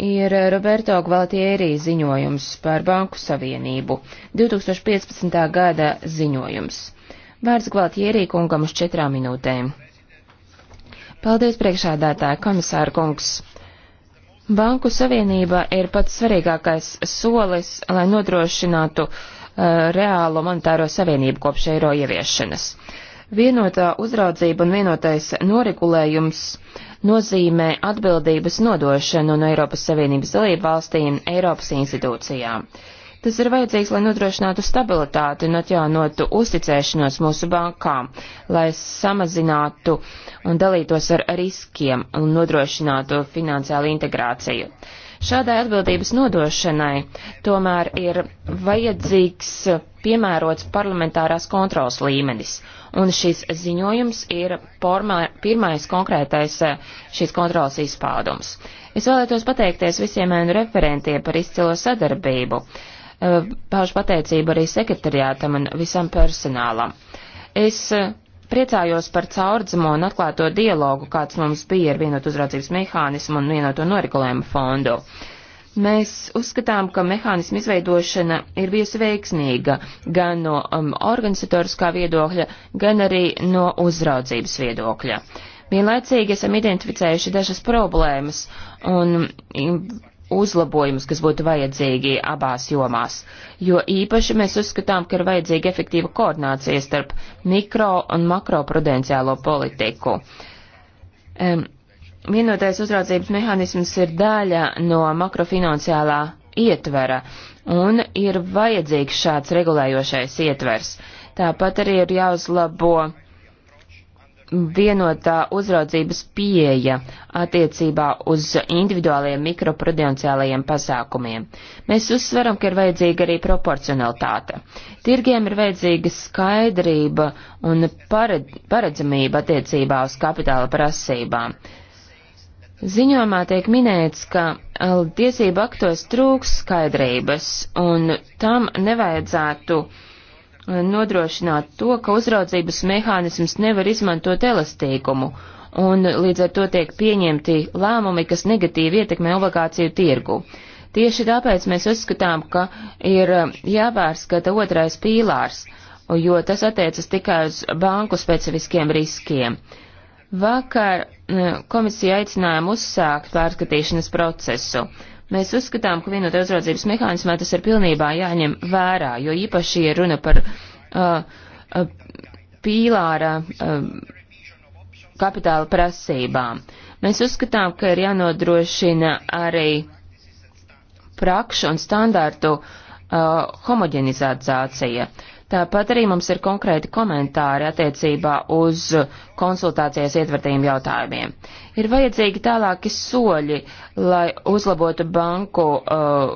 ir Roberto Gvaltieri ziņojums par Banku Savienību, 2015. gada ziņojums. Vārds Gvaltieri kungam uz četrām minūtēm. Paldies priekšādātāja komisāra kungs. Banku Savienība ir pats svarīgākais solis, lai nodrošinātu uh, reālu monetāro savienību kopš eiro ieviešanas. Vienotā uzraudzība un vienotais noregulējums nozīmē atbildības nodošanu no Eiropas Savienības dalību valstīm Eiropas institūcijām. Tas ir vajadzīgs, lai nodrošinātu stabilitāti un atjaunotu uzticēšanos mūsu bankām, lai samazinātu un dalītos ar riskiem un nodrošinātu finansiālu integrāciju. Šādai atbildības nodošanai tomēr ir vajadzīgs piemērots parlamentārās kontrols līmenis, un šis ziņojums ir pormā, pirmais konkrētais eh, šīs kontrols izpādums. Es vēlētos pateikties visiem ēnu referentiem par izcilo sadarbību, eh, paušu pateicību arī sekretariātam un visam personālam. Es eh, Priecājos par caurdzamo un atklāto dialogu, kāds mums bija ar vienotu uzraudzības mehānismu un vienoto norikulējumu fondu. Mēs uzskatām, ka mehānismu izveidošana ir bijusi veiksmīga gan no um, organizatoriskā viedokļa, gan arī no uzraudzības viedokļa. Vienlaicīgi esam identificējuši dažas problēmas un um, uzlabojumus, kas būtu vajadzīgi abās jomās. Jo īpaši mēs uzskatām, ka ir vajadzīga efektīva koordinācija starp mikro un makroprudenciālo politiku. Um, vienotais uzraudzības mehānisms ir daļa no makrofinanciālā ietvera, un ir vajadzīgs šāds regulējošais ietvers. Tāpat arī ir jāuzlabo vienotā uzraudzības pieeja attiecībā uz individuāliem mikroprudenciālajiem pasākumiem. Mēs uzsveram, ka ir vajadzīga arī proporcionalitāte. Tirgiem ir vajadzīga skaidrība un pared, paredzamība attiecībā uz kapitāla prasībām. Ziņojumā tiek minēts, ka tiesību aktos trūks skaidrības, un tam nevajadzētu uh, nodrošināt to, ka uzraudzības mehānisms nevar izmantot elastīgumu, un līdz ar to tiek pieņemti lēmumi, kas negatīvi ietekmē obligāciju tirgu. Tieši tāpēc mēs uzskatām, ka ir um, jāpārskata otrais pīlārs, jo tas attiecas tikai uz banku specifiskiem riskiem. Vakar uh, komisija aicinājām uzsākt pārskatīšanas procesu. Mēs uzskatām, ka vienotā uzraudzības mehānismā tas ir pilnībā jāņem vērā, jo īpaši ir runa par uh, uh, pīlāra uh, kapitāla prasībām. Mēs uzskatām, ka ir jānodrošina arī prakšu un standārtu uh, homogenizācija. Uh, Tāpat arī mums ir konkrēti komentāri attiecībā uz konsultācijas ietvertajiem jautājumiem. Ir vajadzīgi tālāki soļi, lai uzlabotu banku uh,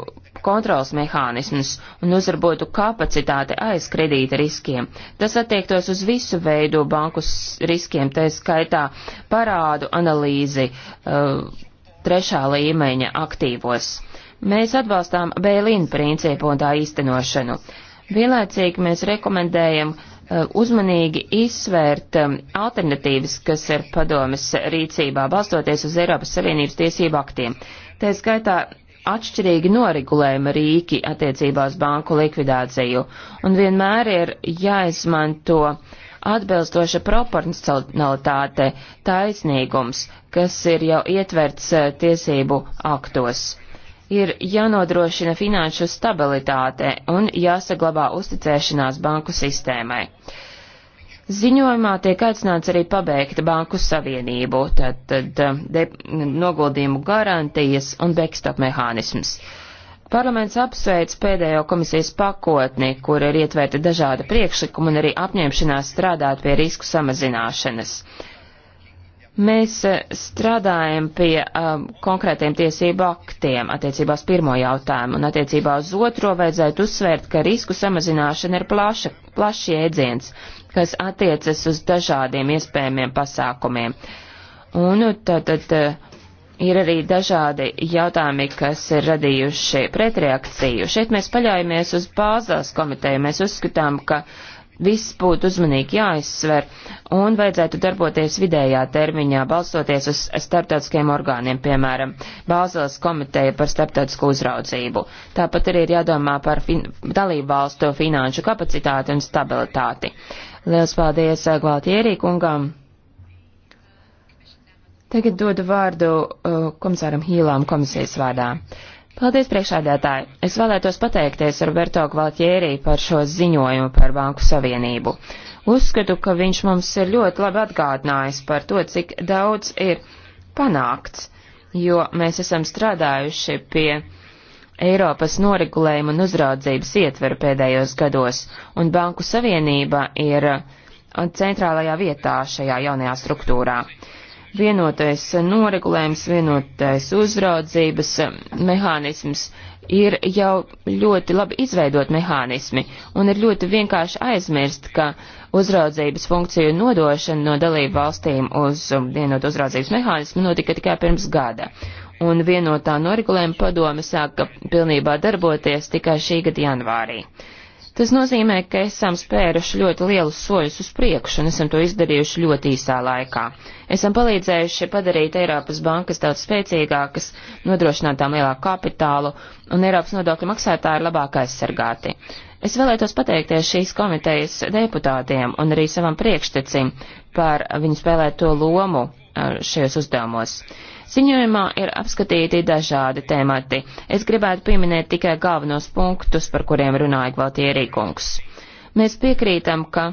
kontrols mehānismus un uzrabotu kapacitāti aiz kredīta riskiem. Tas attiektos uz visu veidu banku riskiem, tā skaitā parādu analīzi uh, trešā līmeņa aktīvos. Mēs atbalstām Bēlīna principu un tā īstenošanu. Vienlaicīgi mēs rekomendējam eh, uzmanīgi izsvērt eh, alternatīvas, kas ir padomes rīcībā, balstoties uz Eiropas Savienības tiesību aktiem. Tā skaitā atšķirīgi noregulējuma rīki attiecībās banku likvidāciju, un vienmēr ir jāizmanto atbilstoša proporcionalitāte, taisnīgums, kas ir jau ietverts eh, tiesību aktos ir jānodrošina finanšu stabilitāte un jāsaglabā uzticēšanās banku sistēmai. Ziņojumā tiek aicināts arī pabeigt banku savienību, tātad um, noguldījumu garantijas un backstop mehānisms. Parlaments apsveic pēdējo komisijas pakotni, kur ir ietverti dažādi priekšlikumi un arī apņemšanās strādāt pie risku samazināšanas. Mēs eh, strādājam pie um, konkrētiem tiesību aktiem attiecībā uz pirmo jautājumu, un attiecībā uz otro vajadzētu uzsvērt, ka risku samazināšana ir plaša, plašs jēdziens, kas attiecas uz dažādiem iespējamiem pasākumiem. Un tad, tad eh, ir arī dažādi jautājumi, kas ir radījuši pretreakciju. Šeit mēs paļaujamies uz bāzās komiteju, mēs uzskatām, ka uh, Viss būtu uzmanīgi jāizsver un vajadzētu darboties vidējā termiņā, balstoties uz starptautiskiem orgāniem, piemēram, Bāzeles komiteja par starptautisko uzraudzību. Tāpat arī ir jādomā par fin dalību valstu finanšu kapacitāti un stabilitāti. Liels paldies eh, Gvaltierī kungam! Tagad dodu vārdu uh, komisāram Hīlām komisijas vārdā. Uh, Paldies, priekšādētāji! Es vēlētos pateikties Roberto Gvaltjērī par šo ziņojumu par Banku Savienību. Uzskatu, ka viņš mums ir ļoti labi atgādinājis par to, cik daudz ir panākts, jo mēs esam strādājuši pie Eiropas noregulējuma un uzraudzības ietveru pēdējos gados, un Banku Savienība ir centrālajā vietā šajā jaunajā struktūrā vienotais noregulējums, vienotais uzraudzības mehānisms ir jau ļoti labi izveidot mehānismi, un ir ļoti vienkārši aizmirst, ka uzraudzības funkciju nodošana no dalību valstīm uz vienot uzraudzības mehānismu notika tikai pirms gada. Un vienotā noregulējuma padome sāka pilnībā darboties tikai šī gada janvārī. Tas nozīmē, ka esam spēruši ļoti lielus soļus uz priekšu un esam to izdarījuši ļoti īsā laikā. Esam palīdzējuši padarīt Eiropas bankas daudz spēcīgākas, nodrošināt tām lielāku kapitālu un Eiropas nodokļu maksātāji ir labāk aizsargāti. Es vēlētos pateikties šīs komitejas deputātiem un arī savam priekštecim par viņu spēlēto lomu uh, šajos uzdevumos. Ziņojumā ir apskatīti dažādi temati. Es gribētu pieminēt tikai galvenos punktus, par kuriem runāja Gvaltierī kungs. Mēs piekrītam, ka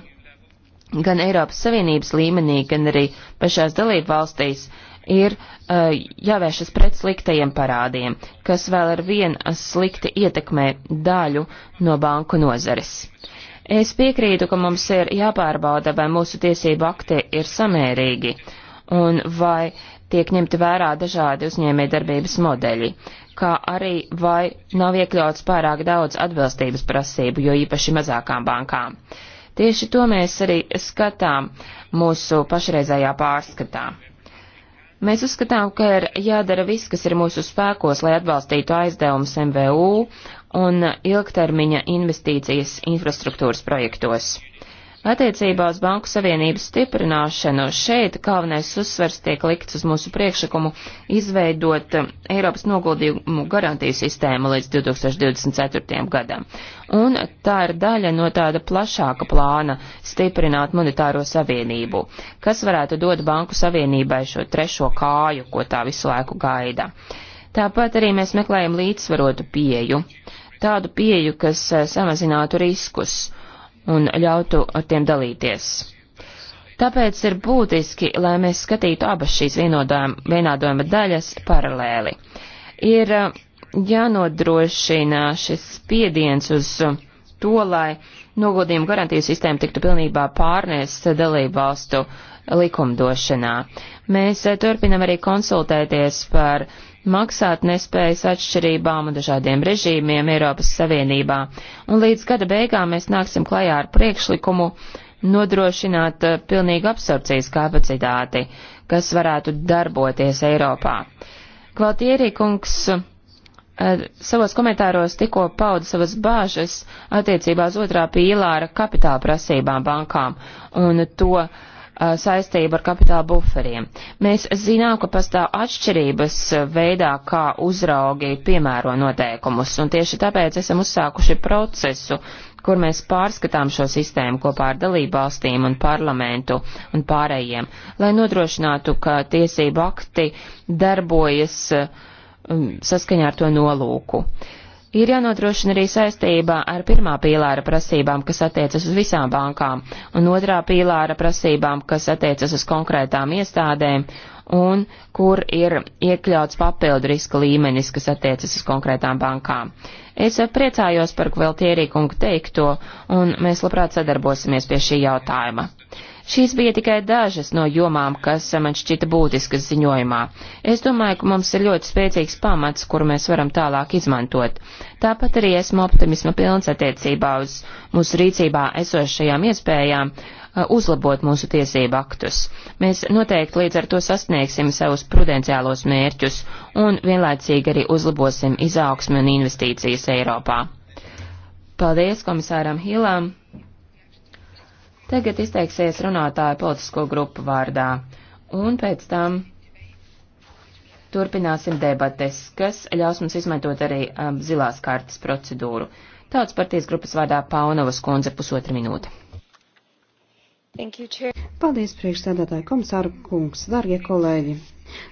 gan Eiropas Savienības līmenī, gan arī pašās dalību valstīs ir uh, jāvēršas pret sliktajiem parādiem, kas vēl ar vien slikti ietekmē daļu no banku nozares. Es piekrītu, ka mums ir jāpārbauda, vai mūsu tiesību akti ir samērīgi un vai tiek ņemti vērā dažādi uzņēmējdarbības modeļi, kā arī vai nav iekļauts pārāk daudz atbilstības prasību, jo īpaši mazākām bankām. Tieši to mēs arī skatām mūsu pašreizējā pārskatā. Mēs uzskatām, ka ir jādara viss, kas ir mūsu spēkos, lai atbalstītu aizdevumus MVU un ilgtermiņa investīcijas infrastruktūras projektos. Attiecībā uz Banku Savienības stiprināšanu šeit galvenais uzsvers tiek likts uz mūsu priekšlikumu izveidot um, Eiropas noguldījumu garantiju sistēmu līdz 2024. gadam. Un tā ir daļa no tāda plašāka plāna stiprināt monetāro savienību, kas varētu dot Banku Savienībai šo trešo kāju, ko tā visu laiku gaida. Tāpat arī mēs meklējam līdzsvarotu pieju, tādu pieju, kas uh, samazinātu riskus un ļautu ar tiem dalīties. Tāpēc ir būtiski, lai mēs skatītu abas šīs vienādojuma daļas paralēli. Ir uh, jānodrošina šis spiediens uz uh, to, lai noguldījumu garantiju sistēma tiktu pilnībā pārnēsta dalību valstu likumdošanā. Mēs uh, turpinam arī konsultēties par maksāt nespējas atšķirībām un dažādiem režīmiem Eiropas Savienībā, un līdz gada beigām mēs nāksim klajā ar priekšlikumu nodrošināt eh, pilnīgu absorpcijas kapacitāti, kas varētu darboties Eiropā. Kvaltierī kungs eh, savos komentāros tikko pauda savas bāžas attiecībā uz otrā pīlāra kapitāla prasībām bankām un to, uh, Uh, saistība ar kapitāla buferiem. Mēs zinām, ka pastāv atšķirības uh, veidā, kā uzraugi piemēro noteikumus, un tieši tāpēc esam uzsākuši procesu, kur mēs pārskatām šo sistēmu kopā ar dalībvalstīm un parlamentu un pārējiem, lai nodrošinātu, ka tiesību akti darbojas uh, um, saskaņā ar to nolūku. Uh, Ir jānodrošina arī saistībā ar pirmā pīlāra prasībām, kas attiecas uz visām bankām, un otrā pīlāra prasībām, kas attiecas uz konkrētām iestādēm, un kur ir iekļauts papildu riska līmenis, kas attiecas uz konkrētām bankām. Es priecājos par Gveltierī kungu teikto, un mēs labprāt sadarbosimies pie šī jautājuma. Šīs bija tikai dažas no jomām, kas man šķita būtiskas ziņojumā. Es domāju, ka mums ir ļoti spēcīgs pamats, kuru mēs varam tālāk izmantot. Tāpat arī esmu optimisma pilns attiecībā uz mūsu rīcībā esošajām iespējām uh, uzlabot mūsu tiesību aktus. Mēs noteikti līdz ar to sasniegsim savus prudenciālos mērķus un vienlaicīgi arī uzlabosim izaugsmi un investīcijas Eiropā. Paldies komisāram Hilam! Tagad izteiksies runātāja politisko grupu vārdā, un pēc tam turpināsim debates, kas ļaus mums izmantot arī um, zilās kartas procedūru. Tautas partijas grupas vārdā Paunovas kundze pusotra minūte. You, Paldies, priekšsēdētāji komisāru kungs, darbie kolēģi!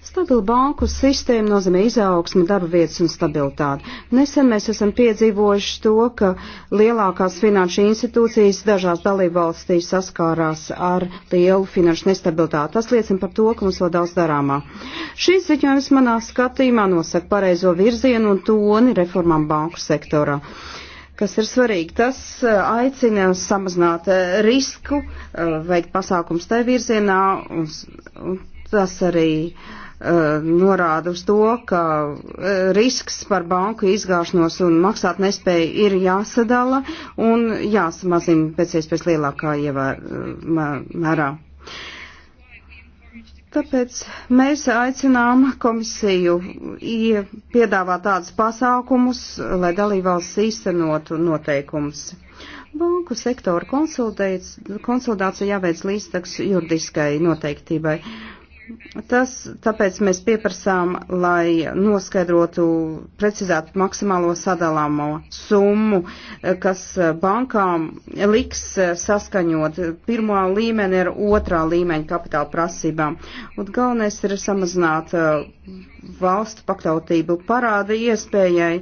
Stabila banku sistēma nozīmē izaugsmu, darba vietas un stabilitāti. Nesen mēs esam piedzīvojuši to, ka lielākās finanšu institūcijas dažās dalībvalstīs saskārās ar lielu finanšu nestabilitāti. Tas liecina par to, ka mums vēl daudz darāmā. Šīs ziņojums manā skatījumā nosaka pareizo virzienu un toni reformām banku sektorā kas ir svarīgi. Tas eh, aicina samazināt eh, risku, eh, veikt pasākums tajā virzienā un, un Tas arī uh, norāda uz to, ka uh, risks par banku izgāšanos un maksāt nespēju ir jāsadala un jāsamazina pēc iespējas lielākā ievēr, e, mērā. Tāpēc mēs aicinām komisiju piedāvāt tādus pasākumus, lai dalībvalsts īstenotu noteikumus. Banku sektora konsultācija jāveic līdztaks juridiskai noteiktībai. Uh, Tas, tāpēc mēs pieprasām, lai noskaidrotu, precizētu maksimālo sadalāmo summu, kas eh, bankām liks eh, saskaņot pirmā līmeni ar otrā līmeņa kapitāla prasībām. Un galvenais ir samazināt eh, valstu pakļautību parāda iespējai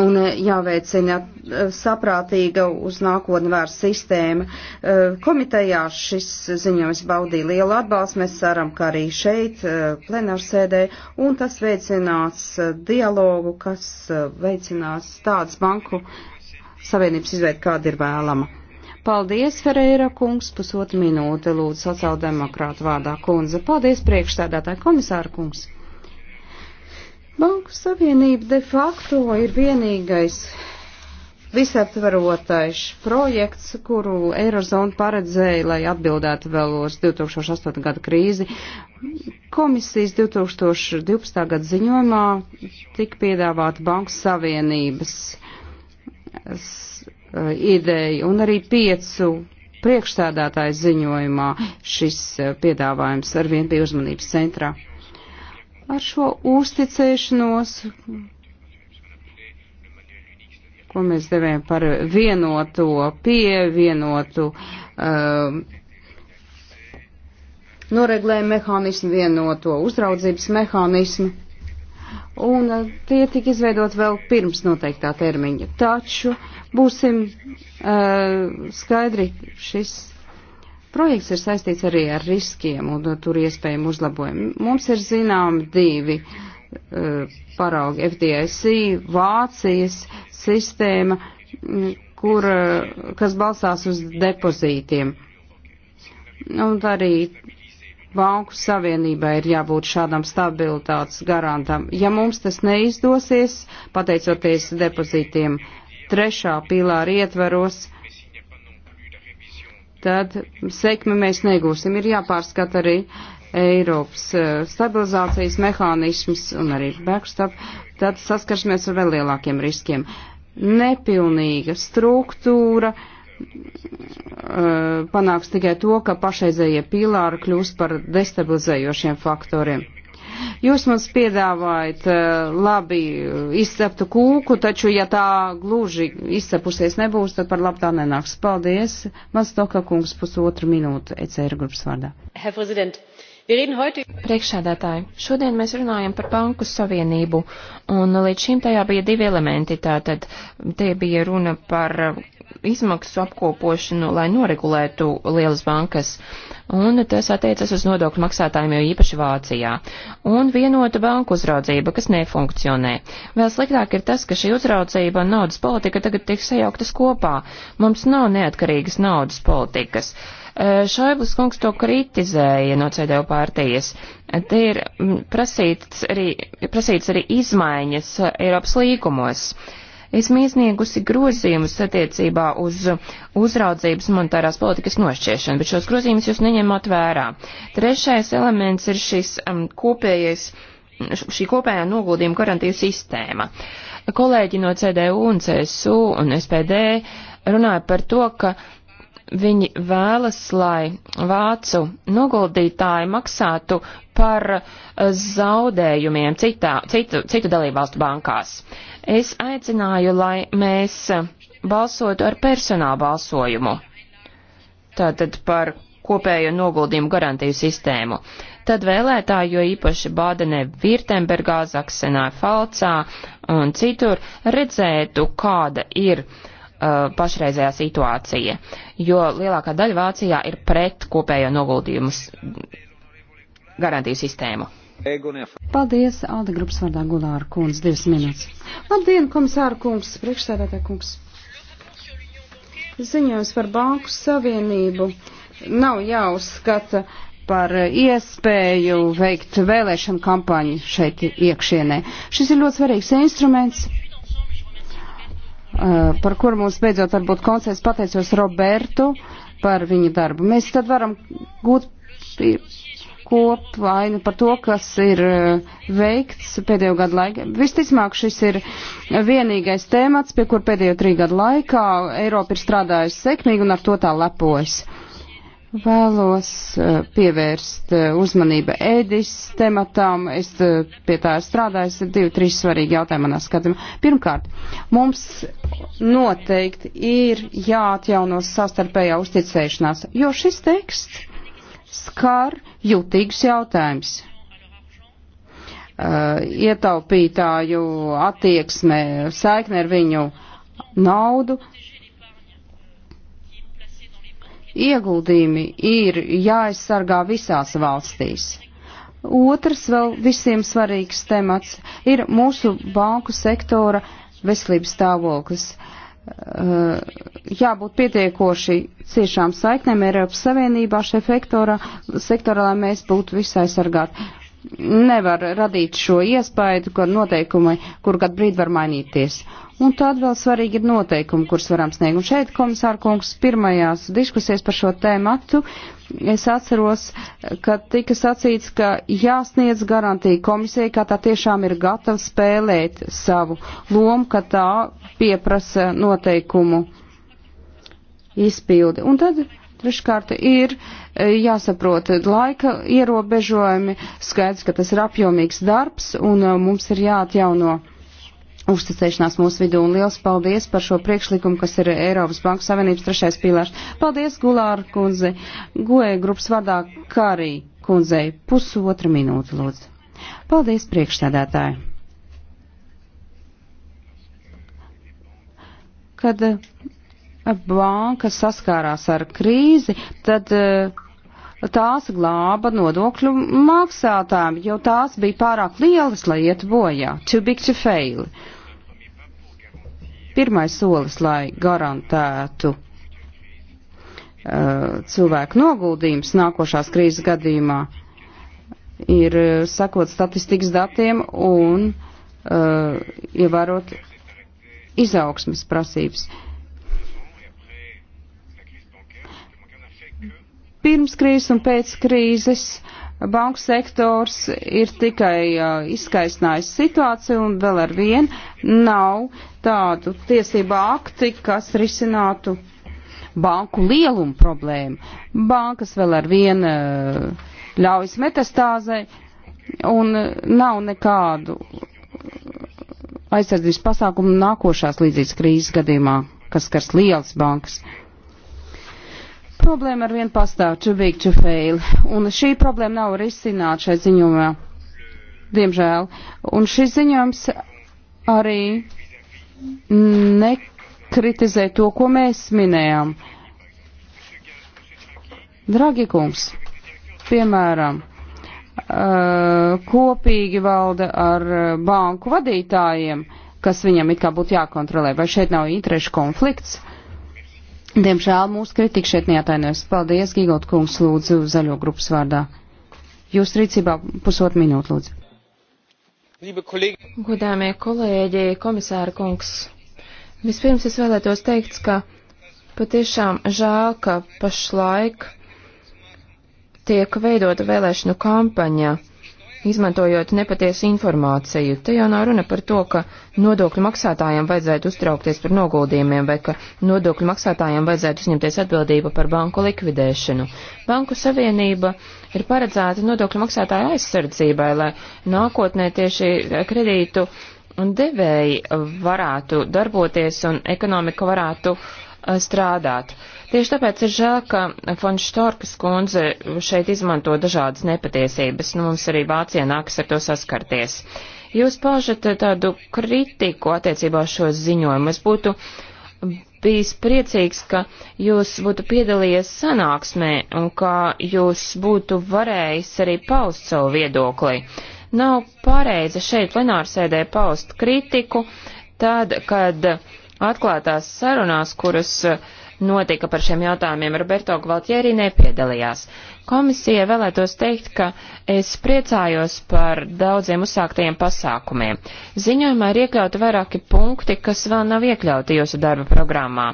un eh, jāveicina eh, saprātīga uz nākotni vērsta sistēma. Eh, komitejā šis ziņojums baudīja lielu atbalstu, mēs ceram, ka arī šeit, plenārsēdē, un tas veicinās dialogu, kas veicinās tādas banku savienības izveidu, kāda ir vēlama. Paldies, Ferreira kungs, pusotru minūte lūdzu sociāldemokrātu vārdā kundze. Paldies, priekšstādātāja komisāra kungs. Banku savienība de facto ir vienīgais visaptvarotais projekts, kuru Eirozona paredzēja, lai atbildētu vēl uz 2008. gada krīzi. Komisijas 2012. gada ziņojumā tika piedāvāta Banku Savienības eh, ideja un arī piecu priekšstādātāju ziņojumā šis eh, piedāvājums arvien bija uzmanības centrā ar šo uzticēšanos, ko mēs devējam par vienoto pievienotu um, noreglējumu mehānismu, vienoto uzraudzības mehānismu. Un uh, tie tika izveidot vēl pirms noteiktā termiņa. Taču būsim uh, skaidri, šis Projekts ir saistīts arī ar riskiem un tur iespējumu uzlabojumu. Mums ir zināmi divi uh, paraugi FDIC, Vācijas sistēma, kur, eh, kas balstās uz depozītiem. Un arī Banku savienībai ir jābūt šādam stabilitātes garantam. Ja mums tas neizdosies, pateicoties depozītiem trešā pīlāra ietveros, tad sekmi mēs negūsim. Ir jāpārskat arī Eiropas eh, stabilizācijas mehānisms un arī backstop, tad saskarsimies ar vēl lielākiem riskiem. Nepilnīga struktūra eh, panāks tikai to, ka pašreizējie pīlāri kļūs par destabilizējošiem faktoriem. Jūs mums piedāvājat eh, labi eh, izceptu kūku, taču, ja tā gluži izcepusies nebūs, tad par labu tā nenāks. Paldies. Mans toka kungs pusotru minūtu ECR grupas vārdā. Priekšsēdētāji, šodien mēs runājam par Banku Savienību, un līdz šim tajā bija divi elementi. Tātad te bija runa par izmaksu apkopošanu, lai noregulētu lielas bankas. Un tas attiecas uz nodokļu maksātājiem jau īpaši Vācijā. Un vienota banku uzraudzība, kas nefunkcionē. Vēl sliktāk ir tas, ka šī uzraudzība un naudas politika tagad tiek sajauktas kopā. Mums nav neatkarīgas naudas politikas. Šaiblis kungs to kritizēja no CDU partijas. Te ir prasīts arī, prasīts arī izmaiņas Eiropas līgumos. Uh, Esmu iesniegusi grozījumus attiecībā uz uzraudzības monetārās politikas nošķiešanu, bet šos grozījumus jūs neņemat vērā. Trešais elements ir šis um, kopējais, šī kopējā noguldījuma garantiju sistēma. Kolēģi no CDU un CSU un SPD runāja par to, ka uh, Viņi vēlas, lai vācu noguldītāji maksātu par eh, zaudējumiem citā, citu, citu dalībvalstu bankās. Es aicināju, lai mēs eh, balsotu ar personālu balsojumu. Tātad par kopējo noguldījumu garantiju sistēmu. Tad vēlētāji, jo īpaši Bādenē, Virtembergā, Zaksenā, Falcā un citur, redzētu, kāda ir uh, uh, pašreizējā situācija, jo lielākā daļa Vācijā ir pret kopējo noguldījumus garantiju sistēmu. Paldies, Alde grupas vārdā Gulāra kungs, divas minūtes. Labdien, komisāra kungs, priekšsēdētā kungs. Ziņojums par Banku Savienību nav jāuzskata par iespēju veikt vēlēšanu kampaņu šeit iekšienē. Šis ir ļoti svarīgs instruments Eh, par kuru mums beidzot varbūt koncerts pateicos Robertu par viņa darbu. Mēs tad varam gūt kopvainu par to, kas ir eh, veikts pēdējo gadu laikā. Visticamāk, šis ir vienīgais tēmats, pie kur pēdējo trī gadu laikā Eiropa ir strādājusi sekmīgi un ar to tā lepojas. Vēlos eh, pievērst eh, uzmanību ēdis tematām. Es eh, pie tā strādāju, es divi, trīs svarīgi jautājumi manā skatījumā. Pirmkārt, mums noteikti ir jāatjauno sastarpējā uzticēšanās, jo šis teksts skar jutīgs jautājums. Ietaupītāju attieksme, saikne ar viņu naudu ieguldījumi ir jāaizsargā visās valstīs. Otrs vēl visiem svarīgs temats ir mūsu banku sektora veselības stāvoklis. Uh, jābūt pietiekoši ciešām saiknēm Eiropas Savienībā šajā sektorā, sektorā, lai mēs būtu visai sargāti. Nevar radīt šo iespēju, ka noteikumi, kur kad brīd var mainīties. Un tad vēl svarīgi ir noteikumi, kurus varam sniegt. Un šeit, komisāra kungs, pirmajās diskusijas par šo tēmatu es atceros, ka tika sacīts, ka jāsniedz garantija komisijai, ka tā tiešām ir gatava spēlēt savu lomu, ka tā pieprasa noteikumu izpildi. Un tad Treškārt ir e, jāsaprot laika ierobežojumi, skaidrs, ka tas ir apjomīgs darbs un e, mums ir jāatjauno uzticēšanās mūsu vidū un liels paldies par šo priekšlikumu, kas ir Eiropas Banku Savienības trešais pīlārs. Paldies, Gulāra kundze, goja grupas vadā Karī kundzei. Pusotra minūte, lūdzu. Paldies, priekšsēdētāji. Kad eh, banka saskārās ar krīzi, tad eh, tās glāba nodokļu maksātājiem, jo tās bija pārāk lielas, lai iet bojā. Too big to fail. Uh, pirmais solis, lai garantētu uh, cilvēku noguldījums nākošās krīzes gadījumā, ir uh, sakot statistikas datiem un uh, ievērot izaugsmas prasības. Pirms krīzes un pēc krīzes uh, banku sektors ir tikai uh, izskaisnājis situāciju un vēl ar vienu nav tādu tiesību akti, kas risinātu banku lielumu problēmu. Bankas vēl ar vienu uh, ļaujas metastāzē un nav nekādu aizsardzības pasākumu nākošās līdzīgas krīzes gadījumā, kas skars lielas bankas. Uh, problēma ar vien pastāv, too big to fail, un šī problēma nav risināta šai ziņojumā, diemžēl. Un šis ziņojums arī nekritizē to, ko mēs minējām. Dragi kungs, piemēram, kopīgi valda ar banku vadītājiem, kas viņam it kā būtu jākontrolē, vai šeit nav interešu konflikts. Uh, Diemžēl mūsu kritika šeit neatainojas. Paldies, Gigot kungs, lūdzu, zaļo grupas vārdā. Jūs rīcībā pusotru minūtu, lūdzu. Godāmie kolēģi, komisāra kungs, vispirms es vēlētos teikt, ka patiešām žēl, ka pašlaik tiek veidota vēlēšanu kampaņa izmantojot nepatiesu informāciju. Te jau nav runa par to, ka nodokļu maksātājiem vajadzētu uztraukties par noguldījumiem vai ka nodokļu maksātājiem vajadzētu uzņemties atbildību par banku likvidēšanu. Banku savienība ir paredzēta nodokļu maksātāju aizsardzībai, lai nākotnē tieši kredītu devēji varētu darboties un ekonomika varētu uh, strādāt. Tieši tāpēc ir žēl, ka Fonš Štorkas kundze šeit izmanto dažādas nepatiesības, nu mums arī Vācijā nākas ar to saskarties. Jūs paužat tādu kritiku attiecībā uz šo ziņojumu. Es būtu bijis priecīgs, ka jūs būtu piedalījies sanāksmē un ka jūs būtu varējis arī paust savu viedokli. Nav pareizi šeit plenārsēdē paust kritiku, tad, kad uh, atklātās sarunās, kuras eh, notika par šiem jautājumiem, Roberto Gvaltieri nepiedalījās. Komisija vēlētos teikt, ka es priecājos par daudziem uzsāktajiem pasākumiem. Ziņojumā ir iekļauti vairāki punkti, kas vēl nav iekļauti jūsu darba programmā.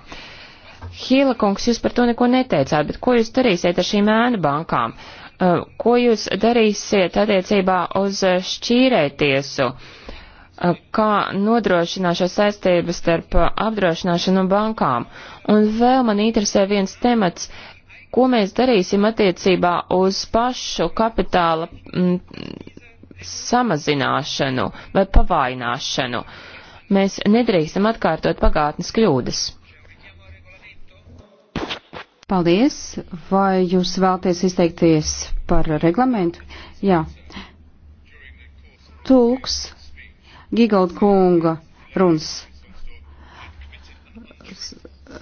Hīla kungs, jūs par to neko neteicāt, bet ko jūs darīsiet ar šīm ēnu bankām? Eh, ko jūs darīsiet attiecībā uz šķīrētiesu? tiesu? kā nodrošināt šo saistību starp apdrošināšanu un bankām. Un vēl man interesē viens temats, ko mēs darīsim attiecībā uz pašu kapitāla m, mm, samazināšanu vai pavaināšanu. Mēs nedrīkstam atkārtot pagātnes kļūdas. Paldies. Vai jūs vēlties izteikties par reglamentu? Jā. Tūks Gigold kunga runas.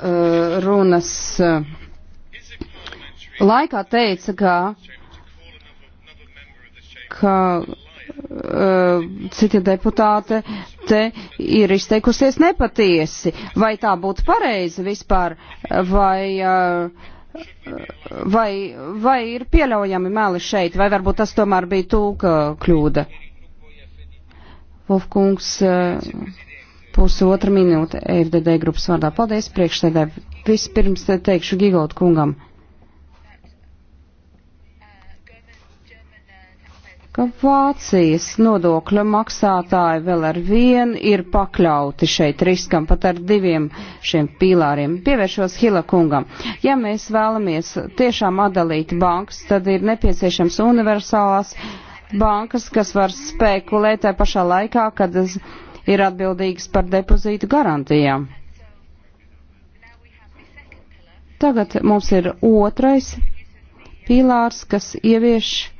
Eh, runas eh, laikā teica, ka, ka uh, eh, cita deputāte te ir izteikusies nepatiesi. Vai tā būtu pareizi vispār, vai, uh, vai, vai ir pieļaujami meli šeit, vai varbūt tas tomēr bija tūka kļūda? Wolfkungs, eh, pusotra minūte FDD grupas vārdā. Paldies priekšsēdē. Vispirms eh, teikšu Gigot kungam. ka Vācijas nodokļa maksātāji vēl ar vienu ir pakļauti šeit riskam, pat ar diviem šiem pīlāriem. Pievēršos Hila kungam. Ja mēs vēlamies tiešām atdalīt bankas, tad ir nepieciešams universālās bankas, kas var spekulēt tajā pašā laikā, kad ir atbildīgas par depozītu garantijām. Tagad mums ir otrais pīlārs, kas ievieš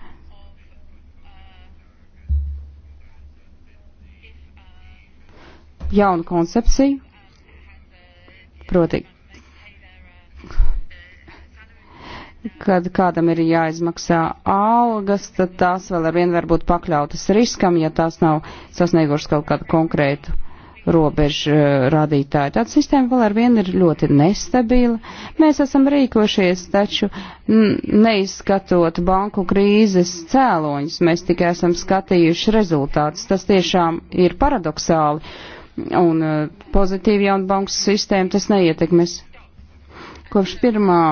jaunu koncepciju, proti kad kādam ir jāizmaksā algas, tad tās vēl ar vienu var būt pakļautas riskam, ja tās nav sasniegušas kaut kādu konkrētu robežu eh, rādītāju. Tāda sistēma vēl ar vienu ir ļoti nestabila. Mēs esam rīkošies, taču neizskatot banku krīzes cēloņus, mēs tikai esam skatījuši rezultātus. Tas tiešām ir paradoxāli. Un eh, pozitīvi jaunu banku sistēmu tas neietekmēs. Kopš pirmā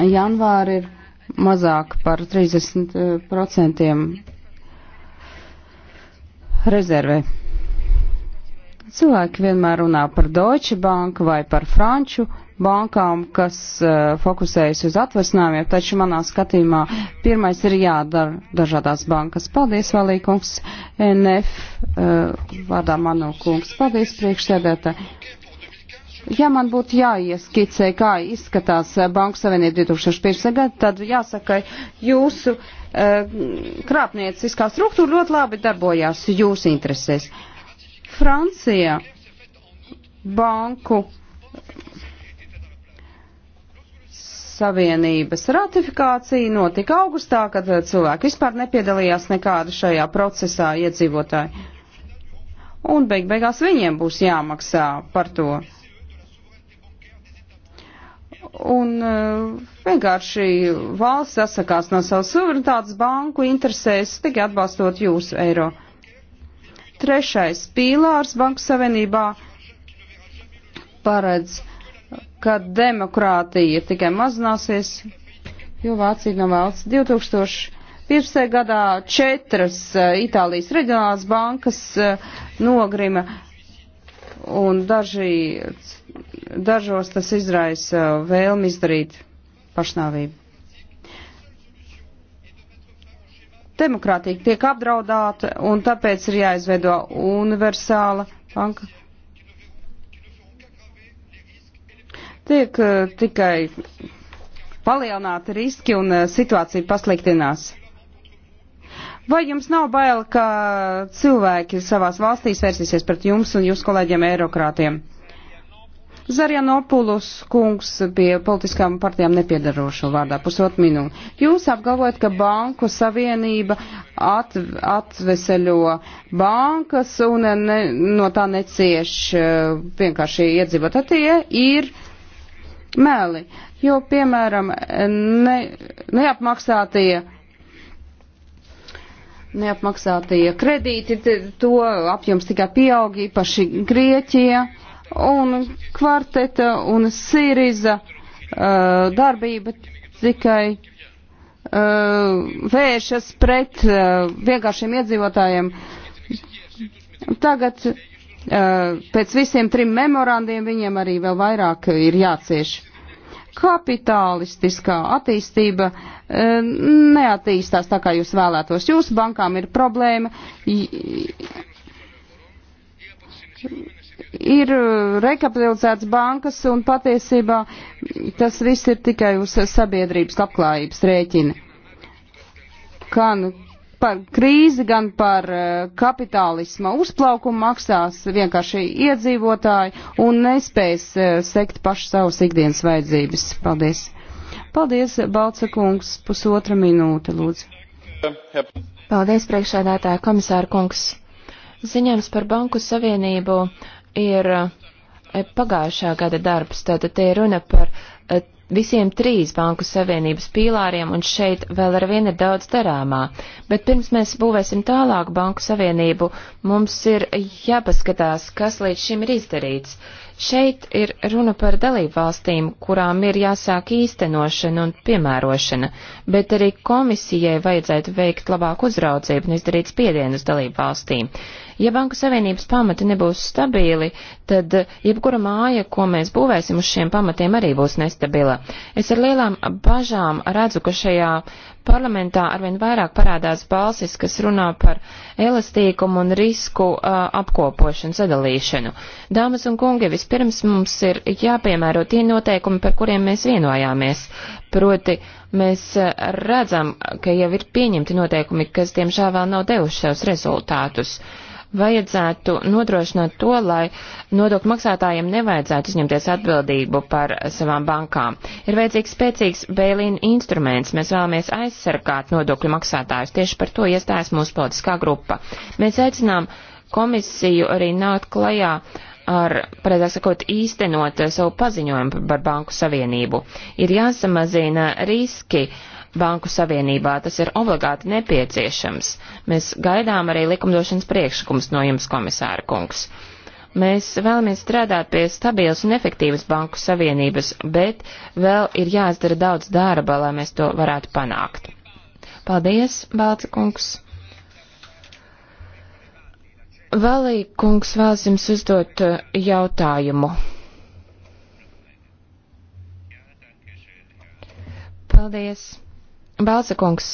janvāra ir mazāk par 30% eh, rezervē. Cilvēki vienmēr runā par Deutsche Bank vai par Franču bankām, kas uh, fokusējas uz atvasinājumiem, taču manā skatījumā pirmais ir jādara dažādās bankas. Paldies, Valī kungs, NF, uh, eh, vārdā Manu kungs. Paldies, priekšsēdētāji. Ja man būtu jāieskicē, kā izskatās eh, Banku Savienība 2015. gada, tad jāsaka, ka jūsu uh, krāpnieciskā struktūra ļoti labi darbojās jūsu interesēs. Francija banku Savienības ratifikācija notika augustā, kad eh, cilvēki vispār nepiedalījās nekāda šajā procesā iedzīvotāji. Un beig beigās viņiem būs jāmaksā par to. Un eh, vienkārši valsts atsakās no savas suverenitātes banku interesēs, tikai atbalstot jūsu eiro. Trešais pīlārs Banku Savienībā paredz, ka demokrātija tikai mazināsies, jo Vācija nav valsts 2000. 15. gadā četras eh, Itālijas reģionālās bankas eh, nogrima un daži dažos tas izraisa vēlmi izdarīt pašnāvību. Demokrātija tiek apdraudāta, un tāpēc ir jāizveido universāla banka. Tiek uh, tikai palielināti riski un uh, situācija pasliktinās. Vai jums nav bail, ka cilvēki savās valstīs vērsīsies pret jums un jūsu kolēģiem eirokrātiem? Zarianopulus kungs pie politiskām partijām nepiedarošo vārdā pusotru minūti. Jūs apgalvojat, ka banku savienība at, atveseļo bankas un ne, no tā necieš eh, vienkārši iedzīvot. Tie ir meli, jo, piemēram, ne, neapmaksātie neapmaksātie kredīti, to apjoms tikai pieaug, īpaši Grieķija un kvarteta un siriza uh, darbība tikai uh, vēršas pret uh, vienkāršiem iedzīvotājiem. Tagad uh, pēc visiem trim memorandiem viņiem arī vēl vairāk ir jācieš. Kapitalistiskā attīstība uh, neattīstās tā, kā jūs vēlētos. Jūsu bankām ir problēma. J ir uh, rekapitalizēts bankas un patiesībā tas viss ir tikai uz sabiedrības labklājības rēķina. Gan par krīzi, gan par uh, kapitālisma uzplaukumu maksās vienkārši iedzīvotāji un nespējas uh, sekt paši savas ikdienas vajadzības. Paldies! Paldies, Balca kungs, pusotra minūte, lūdzu. Paldies, priekšādātāja komisāra kungs. Ziņojums par Banku Savienību ir eh, pagājušā gada darbs, tātad te ir runa par eh, visiem trīs banku savienības pīlāriem, un šeit vēl ar vienu ir daudz darāmā. Bet pirms mēs būvēsim tālāk banku savienību, mums ir jāpaskatās, kas līdz šim ir izdarīts. Šeit ir runa par dalību valstīm, kurām ir jāsāk īstenošana un piemērošana, bet arī komisijai vajadzētu veikt labāku uzraudzību un izdarīt spiedienu uz dalību valstīm. Ja Banku Savienības pamati nebūs stabili, tad eh, jebkura māja, ko mēs būvēsim uz šiem pamatiem, arī būs nestabila. Es ar lielām bažām redzu, ka šajā parlamentā arvien vairāk parādās balsis, kas runā par elastīkumu un risku uh, apkopošanu, sadalīšanu. Dāmas un kungi, vispirms mums ir jāpiemēro tie noteikumi, par kuriem mēs vienojāmies. Proti, mēs uh, redzam, ka jau ir pieņemti noteikumi, kas, diemžēl, vēl nav devuši savus rezultātus. Uh, vajadzētu nodrošināt to, lai nodokļu maksātājiem nevajadzētu uzņemties atbildību par savām bankām. Ir vajadzīgs spēcīgs bēlīna instruments. Mēs vēlamies aizsargāt nodokļu maksātājus. Tieši par to iestājas mūsu politiskā grupa. Mēs aicinām komisiju arī nākt klajā ar, pareizāk sakot, īstenot savu paziņojumu par banku savienību. Ir jāsamazina riski uh, Banku Savienībā. Tas ir obligāti nepieciešams. Mēs gaidām arī likumdošanas priekšlikums no jums, komisāra kungs. Mēs vēlamies strādāt pie stabilas un efektīvas Banku Savienības, bet vēl ir jāizdara daudz darba, lai mēs to varētu panākt. Paldies, Balca kungs! Valī kungs vēlas jums uzdot uh, jautājumu. Paldies. Balsa kungs.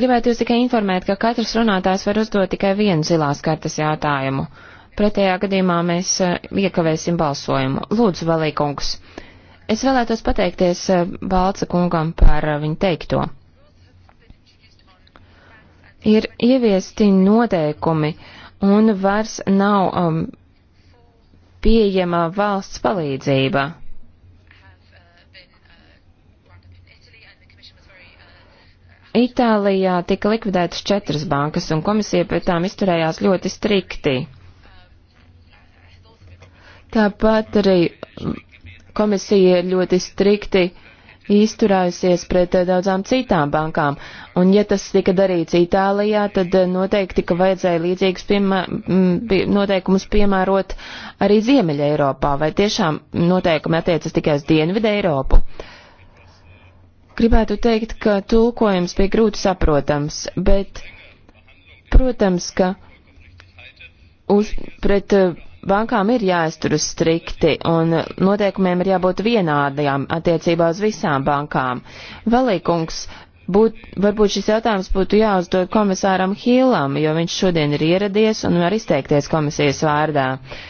Gribētu jūs tikai informēt, ka katrs runātājs var uzdot tikai vienu zilās kartas jautājumu. Pretējā gadījumā mēs eh, iekavēsim balsojumu. Lūdzu, Valīkungs. Es vēlētos pateikties eh, Balca kungam par eh, viņu teikto. Ir ieviesti noteikumi un vairs nav um, pieejama valsts palīdzība. Itālijā tika likvidētas četras bankas, un komisija pret tām izturējās ļoti strikti. Tāpat arī komisija ļoti strikti izturējusies pret eh, daudzām citām bankām, un ja tas tika darīts Itālijā, tad eh, noteikti, ka vajadzēja līdzīgus piemē, noteikumus piemērot arī Ziemeļa Eiropā, vai tiešām noteikumi attiecas tikai uz Dienvidu Eiropu. Uh, Gribētu teikt, ka tulkojums bija grūti saprotams, bet, protams, ka uz, pret eh, bankām ir jāizturas strikti un noteikumiem ir jābūt vienādajām attiecībā uz visām bankām. Valīkungs, būt, varbūt šis jautājums būtu jāuzdod komisāram Hīlam, jo viņš šodien ir ieradies un var izteikties komisijas vārdā. Uh,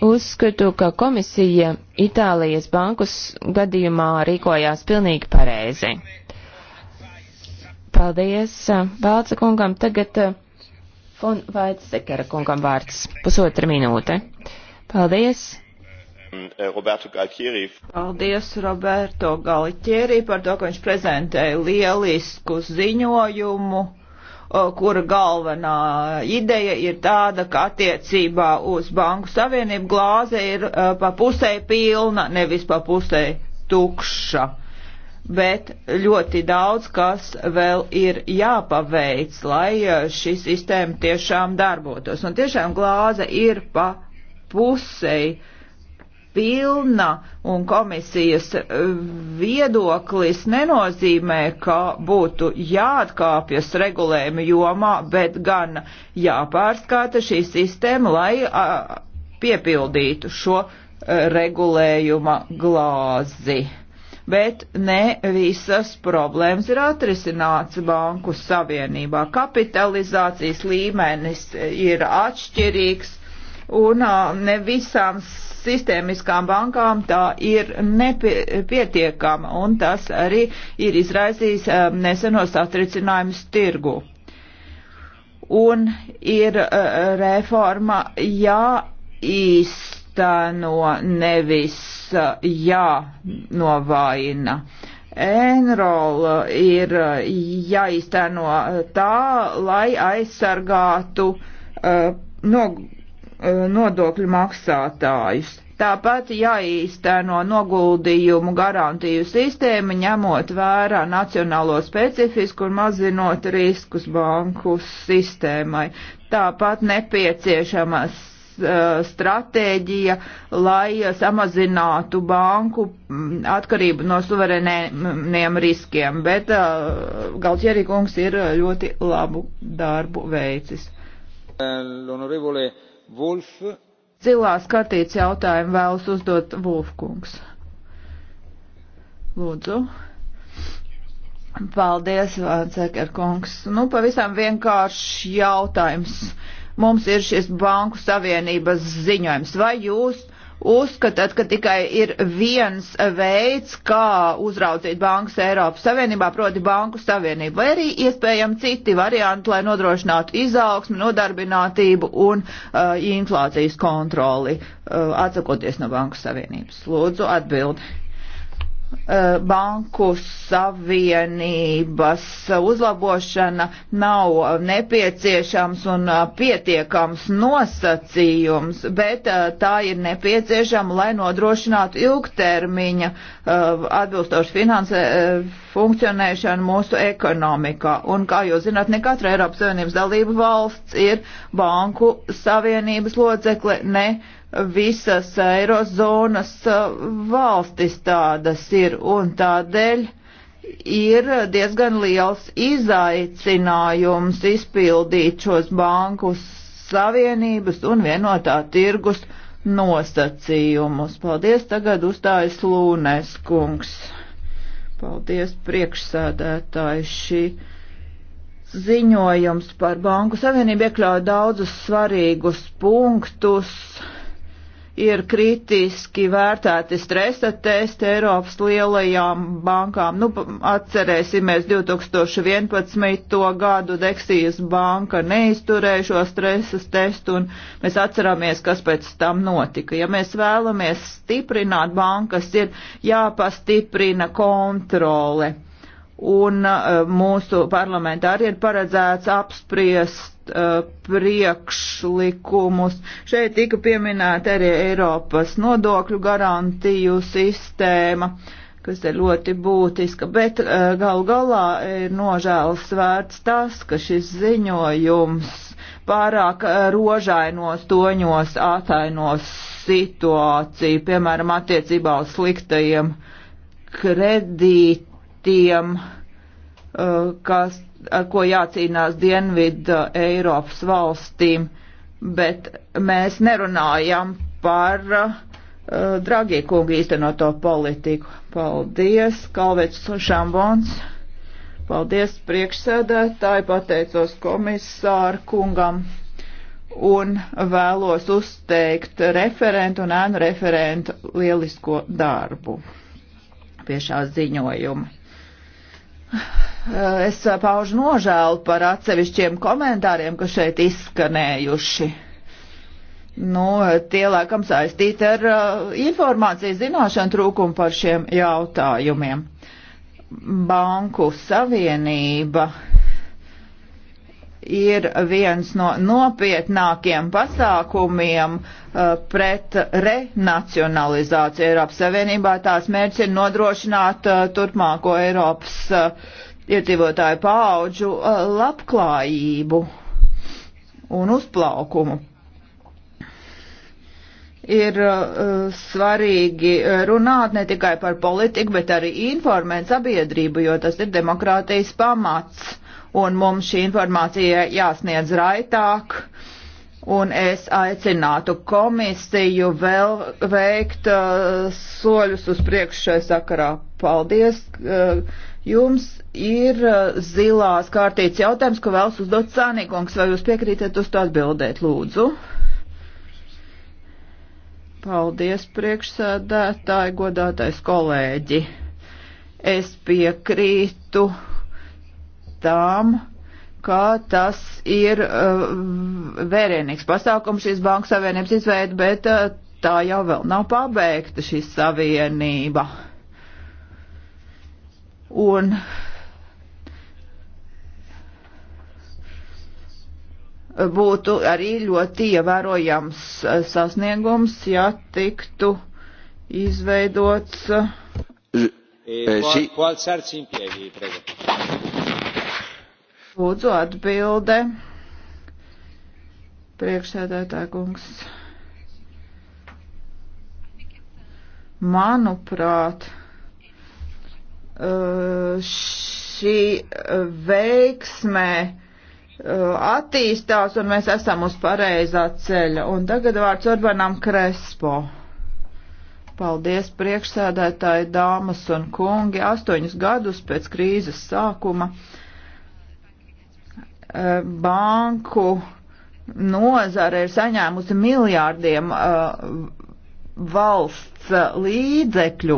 Uzskatu, ka komisija Itālijas bankus gadījumā rīkojās pilnīgi pareizi. Paldies Balca kungam. Tagad eh, Fon Vaitsekara kungam vārds. Pusotra minūte. Paldies. Roberto Galtieri. Paldies Roberto Galtieri par to, ka viņš prezentēja lielisku ziņojumu kura galvenā ideja ir tāda, ka attiecībā uz Banku Savienību glāze ir e, pa pusē pilna, nevis pa pusē tukša. Bet ļoti daudz, kas vēl ir jāpaveic, lai e, šī sistēma tiešām darbotos. Un tiešām glāze ir pa pusei pilna un komisijas e, viedoklis nenozīmē, ka būtu jāatkāpjas regulējuma jomā, bet gan jāpārskata šī sistēma, lai a, piepildītu šo e, regulējuma glāzi. Bet ne visas problēmas ir atrisināts Banku Savienībā. Kapitalizācijas līmenis ir atšķirīgs un ne visām sistēmiskām bankām tā ir nepietiekama, un tas arī ir izraisījis um, nesenos satricinājumus tirgu. Un ir uh, reforma jāīsteno nevis uh, jānovaina. Enrola ir uh, jāīsteno tā, lai aizsargātu uh, no Uh, nodokļu maksātājus. Tāpat jāīsteno noguldījumu garantiju sistēma, ņemot vērā nacionālo specifisku un mazinot riskus banku sistēmai. Tāpat nepieciešamas uh, stratēģija, lai samazinātu banku mm, atkarību no suverēniem riskiem, bet uh, Galtjerī kungs ir ļoti labu darbu veicis. L'onorevole Wolf. Zilā skatīts jautājumu vēlas uzdot Wolfkungs. Lūdzu. Paldies, Vācekar kungs. Nu, pavisam vienkāršs jautājums. Mums ir šis Banku Savienības ziņojums. Vai jūs uzskatāt, ka tikai ir viens veids, kā uzraudzīt bankas Eiropas Savienībā, proti Banku Savienību, vai arī iespējami citi varianti, lai nodrošinātu izaugsmi, nodarbinātību un uh, inflācijas kontroli, uh, atsakoties no Banku Savienības. Lūdzu, atbildi. Eh, banku savienības uzlabošana nav nepieciešams un eh, pietiekams nosacījums, bet eh, tā ir nepieciešama, lai nodrošinātu ilgtermiņa atbilstošu finansē funkcionēšanu mūsu ekonomikā. Un, kā jūs zināt, ne katra Eiropas Savienības dalība valsts ir banku savienības locekle, ne visas eirozonas uh, valstis tādas ir, un tādēļ ir diezgan liels izaicinājums izpildīt šos banku savienības un vienotā tirgus nosacījumus. Paldies, tagad uzstājas Lūnes kungs. Paldies, priekšsēdētāji. Šī ziņojums par Banku Savienību iekļauj daudzus svarīgus punktus ir kritiski vērtēti stresa testi Eiropas lielajām bankām. Nu, atcerēsimies 2011. gadu Deksijas banka neizturēja šo stresa testu un mēs atceramies, kas pēc tam notika. Ja mēs vēlamies stiprināt bankas, ir jāpastiprina kontrole un eh, mūsu parlamentā arī ir paredzēts apspriest uh, priekšlikumus. Šeit tika pieminēta arī Eiropas nodokļu garantiju sistēma, kas ir ļoti būtiska, bet uh, gal galā ir nožēlas vērts tas, ka šis ziņojums pārāk rožainos toņos atainos situāciju, piemēram, attiecībā uz sliktajiem kredīt draudiem, eh, kas, ar ko jācīnās Dienvidu Eiropas valstīm, bet mēs nerunājam par eh, Dragie kungi īstenoto politiku. Paldies, Kalvečs un Šambons. Paldies priekšsēdētāji, pateicos komisāru kungam un vēlos uzteikt referentu un ēnu referentu lielisko darbu pie šā ziņojuma. Es paužu nožēlu par atsevišķiem komentāriem, kas šeit izskanējuši. Nu, tie laikam saistīti ar uh, informācijas zināšanu trūkumu par šiem jautājumiem. Banku savienība uh, ir viens no nopietnākiem pasākumiem uh, pret renacionalizāciju Eiropas Savienībā. Tās mērķis ir nodrošināt uh, turpmāko Eiropas uh, iedzīvotāju paauģu labklājību un uzplaukumu. Ir uh, svarīgi runāt ne tikai par politiku, bet arī informēt sabiedrību, jo tas ir demokrātijas pamats. Uh, un mums šī informācija jāsniedz raitāk. Un es aicinātu komisiju vēl veikt uh, soļus uz priekšu šai sakarā. Paldies! Uh, jums ir uh, zilās kārtīts jautājums, ko vēlas uzdot Sānīkungs. Vai jūs piekrītat uz to atbildēt, lūdzu? Paldies, priekšsēdētāji, godātais kolēģi. Es piekrītu tam, ka tas ir uh, vērienīgs pasākums šīs banku savienības izveida, bet uh, tā jau vēl nav pabeigta šī savienība. Un būtu arī ļoti ievērojams uh, sasniegums, ja tiktu izveidots. E, qual, qual sarci in piedi, prego. Lūdzu atbilde. Priekšsēdētāja kungs. Manuprāt, uh, šī veiksmē uh, attīstās un mēs esam uz pareizā ceļa. Un tagad vārds Orbanam Krespo. Paldies priekšsēdētāji, dāmas un kungi, astoņus gadus pēc krīzes sākuma. Uh, Eh, banku nozare ir saņēmusi miljārdiem eh, valsts eh, līdzekļu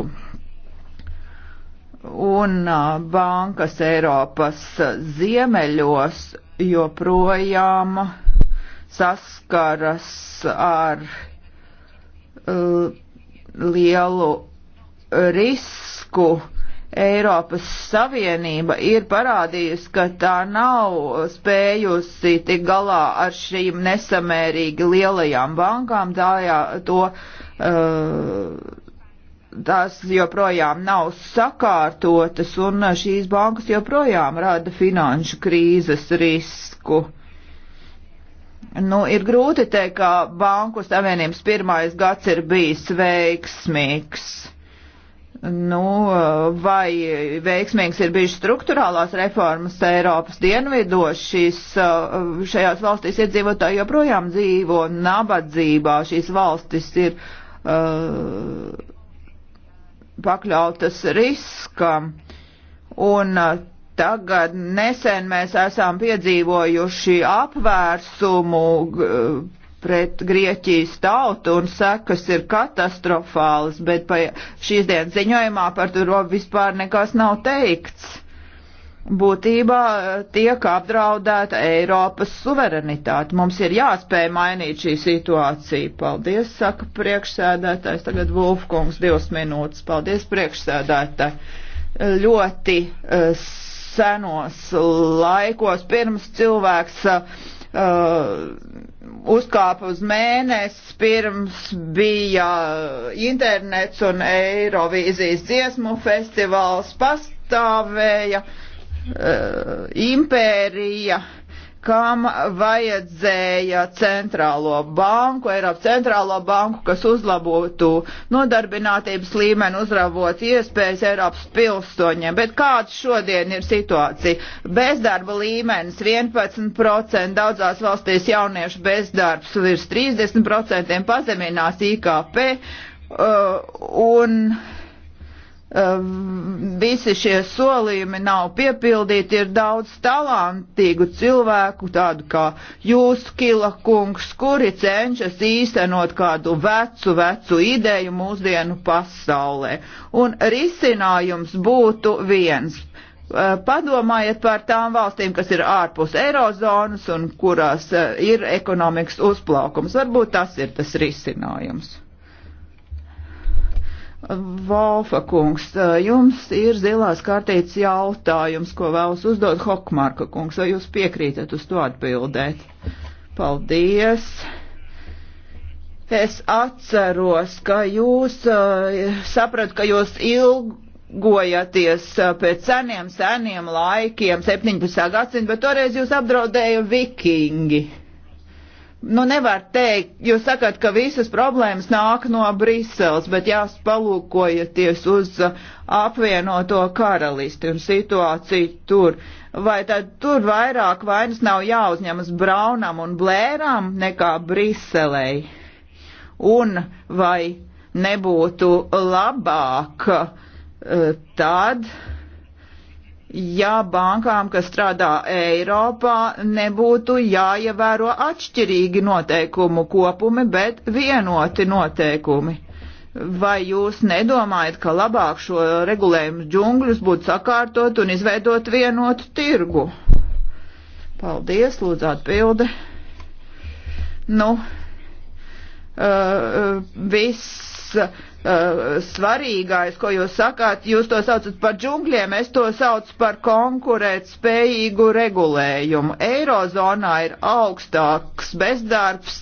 un bankas Eiropas ziemeļos joprojām saskaras ar lielu risku uh, Eiropas Savienība ir parādījusi, ka tā nav spējusi tik galā ar šīm nesamērīgi lielajām bankām, tā jā, to, uh, tās joprojām nav sakārtotas un šīs bankas joprojām rada finanšu krīzes risku. Nu, ir grūti teikt, ka Banku Savienības pirmais gads ir bijis veiksmīgs Nu, vai veiksmīgs ir bijušas struktūrālās reformas Eiropas dienvidos, šis, uh, šajās valstīs iedzīvotāji joprojām dzīvo nabadzībā, šīs valstis ir uh, pakļautas riskam, un uh, tagad nesen mēs esam piedzīvojuši apvērsumu, uh, pret Grieķijas tautu un sekas ir katastrofālas, bet pa šīs dienas ziņojumā par to vispār nekas nav teikts. Būtībā eh, tiek apdraudēta Eiropas suverenitāte. Mums ir jāspēj mainīt šī situācija. Paldies, saka priekšsēdētājs. Tagad Vulfkungs divas minūtes. Paldies, priekšsēdētāji. Ļoti uh, senos laikos pirms cilvēks uh, uzkāpa uz mēnesi, pirms bija internets un Eirovīzijas dziesmu festivāls pastāvēja, uh, impērija. Uh, kam vajadzēja centrālo banku, Eiropas centrālo banku, kas uzlabotu nodarbinātības līmeni, uzrabot iespējas Eiropas pilsoņiem. Bet kāds šodien ir situācija? Bezdarba līmenis 11%, daudzās valstīs jauniešu bezdarbs virs 30%, pazeminās IKP uh, un Ehm, visi šie solījumi nav piepildīti, ir daudz talantīgu cilvēku, tādu kā jūs, Kila kungs, kuri cenšas īstenot kādu vecu, vecu ideju mūsdienu pasaulē. Un risinājums būtu viens. Ehm, padomājiet par tām valstīm, kas ir ārpus eirozonas un kurās eh, ir ekonomikas uzplaukums. Varbūt tas ir tas risinājums. Valfa kungs, eh, jums ir zilās kārtītes jautājums, ko vēlas uzdot Hokmarka kungs, vai jūs piekrītat uz to atbildēt? Paldies! Es atceros, ka jūs eh, sapratu, ka jūs ilgojaties eh, pēc seniem, seniem laikiem, 17. gadsimta, bet toreiz jūs apdraudēja vikingi. Nu, nevar teikt, jūs sakat, ka visas problēmas nāk no Briseles, bet jāspalūkojaties uz uh, apvienoto karalisti un situāciju tur. Vai tad tur vairāk vainas nav jāuzņemas Braunam un Blēram nekā Briselei? Un vai nebūtu labāk uh, tad? Uh, ja bankām, kas strādā Eiropā, nebūtu jāievēro atšķirīgi noteikumu kopumi, bet vienoti noteikumi. Vai jūs nedomājat, ka labāk šo regulējumu džungļus būtu sakārtot un izveidot vienotu tirgu? Paldies, lūdzu atbildi. Nu, uh, uh viss Eh, svarīgais, ko jūs sakāt, jūs to saucat par džungļiem, es to saucu par konkurēt spējīgu regulējumu. Eirozonā ir augstāks bezdarbs,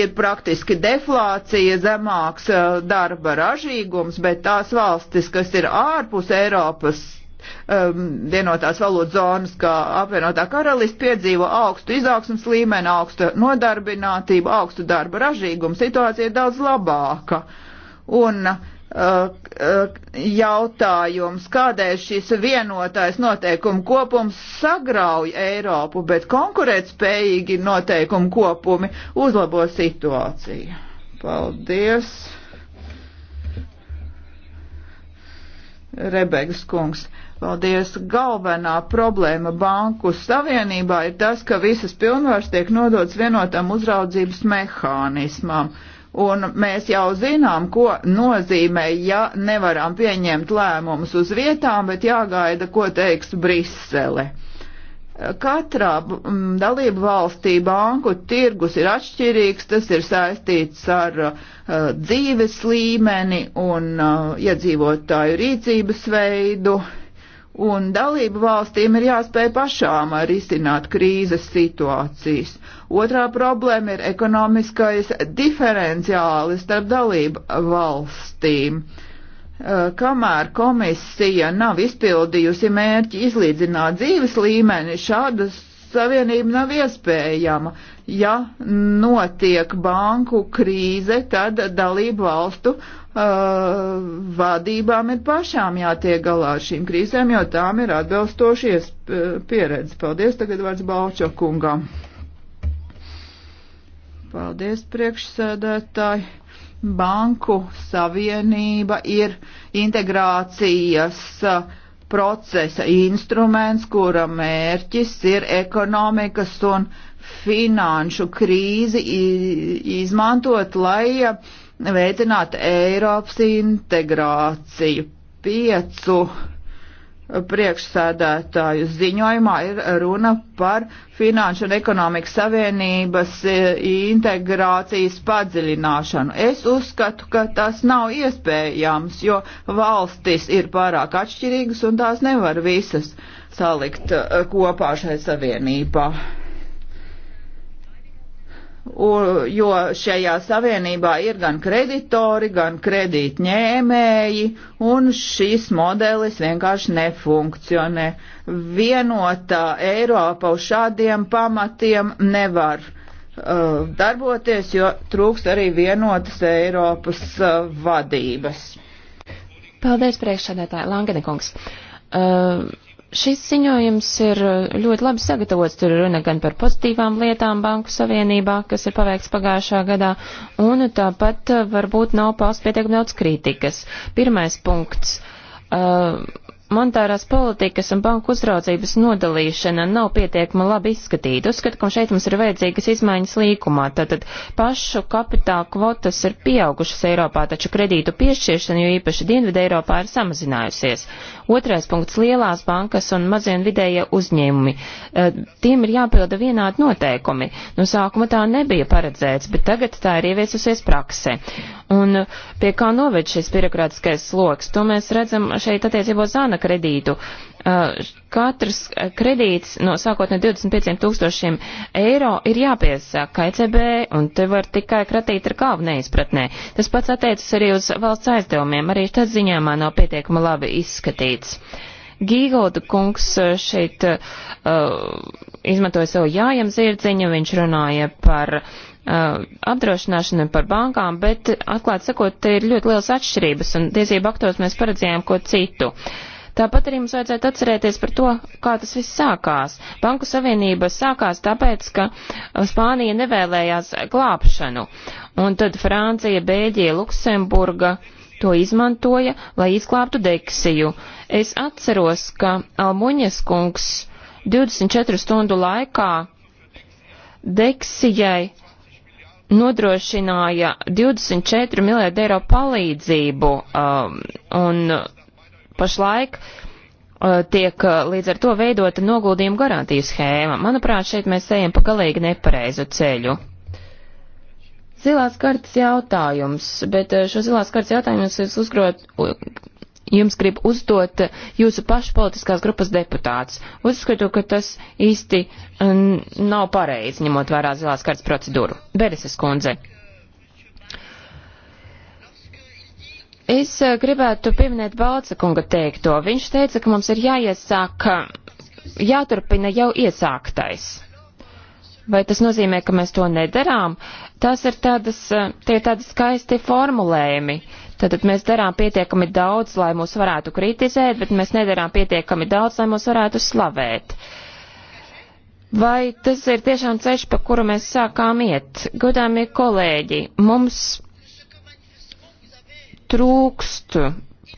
ir praktiski deflācija, zemāks eh, darba ražīgums, bet tās valstis, kas ir ārpus Eiropas um, vienotās valodas zonas, kā apvienotā karalists, piedzīvo augstu izaugsmas līmeni, augstu nodarbinātību, augstu darba ražīgumu. Situācija ir daudz labāka. Uh, Un uh, uh, jautājums, kādēļ šis vienotais noteikumu kopums sagrauj Eiropu, bet konkurētspējīgi noteikumu kopumi uzlabo situāciju. Paldies. Rebegas kungs. Paldies. Galvenā problēma banku savienībā ir tas, ka visas pilnvars tiek nodots vienotam uzraudzības mehānismam. Uh, Un mēs jau zinām, ko nozīmē, ja nevaram pieņemt lēmumus uz vietām, bet jāgaida, ko teiks Brisele. Katrā mm, dalību valstī banku tirgus ir atšķirīgs, tas ir saistīts ar uh, dzīves līmeni un uh, iedzīvotāju rīcības veidu. Uh, un dalību valstīm ir jāspēj pašām risināt krīzes situācijas. Otrā problēma ir ekonomiskais diferenciālis starp dalību valstīm. Eh, kamēr komisija nav izpildījusi mērķi izlīdzināt dzīves līmeni, šādas Savienība nav iespējama. Ja notiek banku krīze, tad dalību valstu uh, vadībām ir pašām jātiek galā ar šīm krīzēm, jo tām ir atbilstošies uh, pieredze. Paldies, tagad vārds Balčo kungam. Paldies, priekšsēdētāji banku savienība ir integrācijas uh, procesa instruments, kura mērķis ir ekonomikas un finanšu krīzi izmantot, lai veicinātu Eiropas integrāciju. Piecu priekšsēdētāju ziņojumā ir runa par Finanšu un ekonomikas savienības e, integrācijas padziļināšanu. Es uzskatu, ka tas nav iespējams, jo valstis ir pārāk atšķirīgas un tās nevar visas salikt e, kopā šai savienībā. U, jo šajā savienībā ir gan kreditori, gan kredītņēmēji, un šis modelis vienkārši nefunkcionē. Vienotā Eiropa uz šādiem pamatiem nevar uh, darboties, jo trūkst arī vienotas Eiropas uh, vadības. Paldies, priekšsēdētāji Langenekungs. Uh, Šis ziņojums ir uh, ļoti labi sagatavots. Tur ir runa gan par pozitīvām lietām Banku Savienībā, kas ir paveikts pagājušā gadā, un tāpat uh, varbūt nav pausts pietiekami daudz kritikas. Pirmais punkts. Uh, monetārās politikas un banku uzraudzības nodalīšana nav pietiekama labi izskatīta. Uzskatu, ka šeit mums ir vajadzīgas izmaiņas līkumā. Tātad pašu kapitāla kvotas ir pieaugušas Eiropā, taču kredītu piešķiršana, jo īpaši Dienvidē Eiropā, ir samazinājusies. Otrais punkts - lielās bankas un mazie un vidējie uzņēmumi. E, tiem ir jāpilda vienādi noteikumi. No sākuma tā nebija paredzēts, bet tagad tā ir ieviesusies praksē. Un e, pie kā noved šis birokrātiskais sloks, to mēs redzam šeit attiecībā uz āna kredītu. Uh, katrs kredīts no sākotnē 25 tūkstošiem eiro ir jāpiesaka ECB, un te var tikai kratīt ar kāvu neizpratnē. Tas pats attiecas arī uz valsts aizdevumiem, arī tas ziņāmā nav pietiekama labi izskatīts. Gīgolda kungs šeit uh, izmantoja savu jājam zirdziņu, viņš runāja par uh, apdrošināšanu un par bankām, bet atklāt sakot, te ir ļoti liels atšķirības, un tiesību aktos mēs paredzējām ko citu. Uh, Tāpat arī mums vajadzētu atcerēties par to, kā tas viss sākās. Banku savienība sākās tāpēc, ka uh, Spānija nevēlējās glābšanu, un tad Francija, Bēļģija, Luksemburga to izmantoja, lai izglābtu deksiju. Es atceros, ka Almuņas kungs 24 stundu laikā deksijai nodrošināja 24 miljardu eiro palīdzību, um, un pašlaik uh, tiek uh, līdz ar to veidota noguldījuma garantijas schēma. Manuprāt, šeit mēs ejam pa galīgi nepareizu ceļu. Zilās kartas jautājums, bet uh, šo zilās kartas jautājumus es uzgrot, jums grib uzdot jūsu pašu politiskās grupas deputāts. Uzskatu, ka tas īsti nav pareizi, ņemot vērā zilās kartas procedūru. Bereses kundze. Es eh, gribētu pieminēt Balca kunga teikto. Viņš teica, ka mums ir jāiesāk, eh, jāturpina jau iesāktais. Vai tas nozīmē, ka mēs to nedarām? Tas ir tādas, eh, tie ir tādi skaisti formulējumi. Tātad mēs darām pietiekami daudz, lai mūs varētu kritizēt, bet mēs nedarām pietiekami daudz, lai mūs varētu slavēt. Vai tas ir tiešām ceļš, pa kuru mēs sākām iet? Godāmie kolēģi, mums trūkst,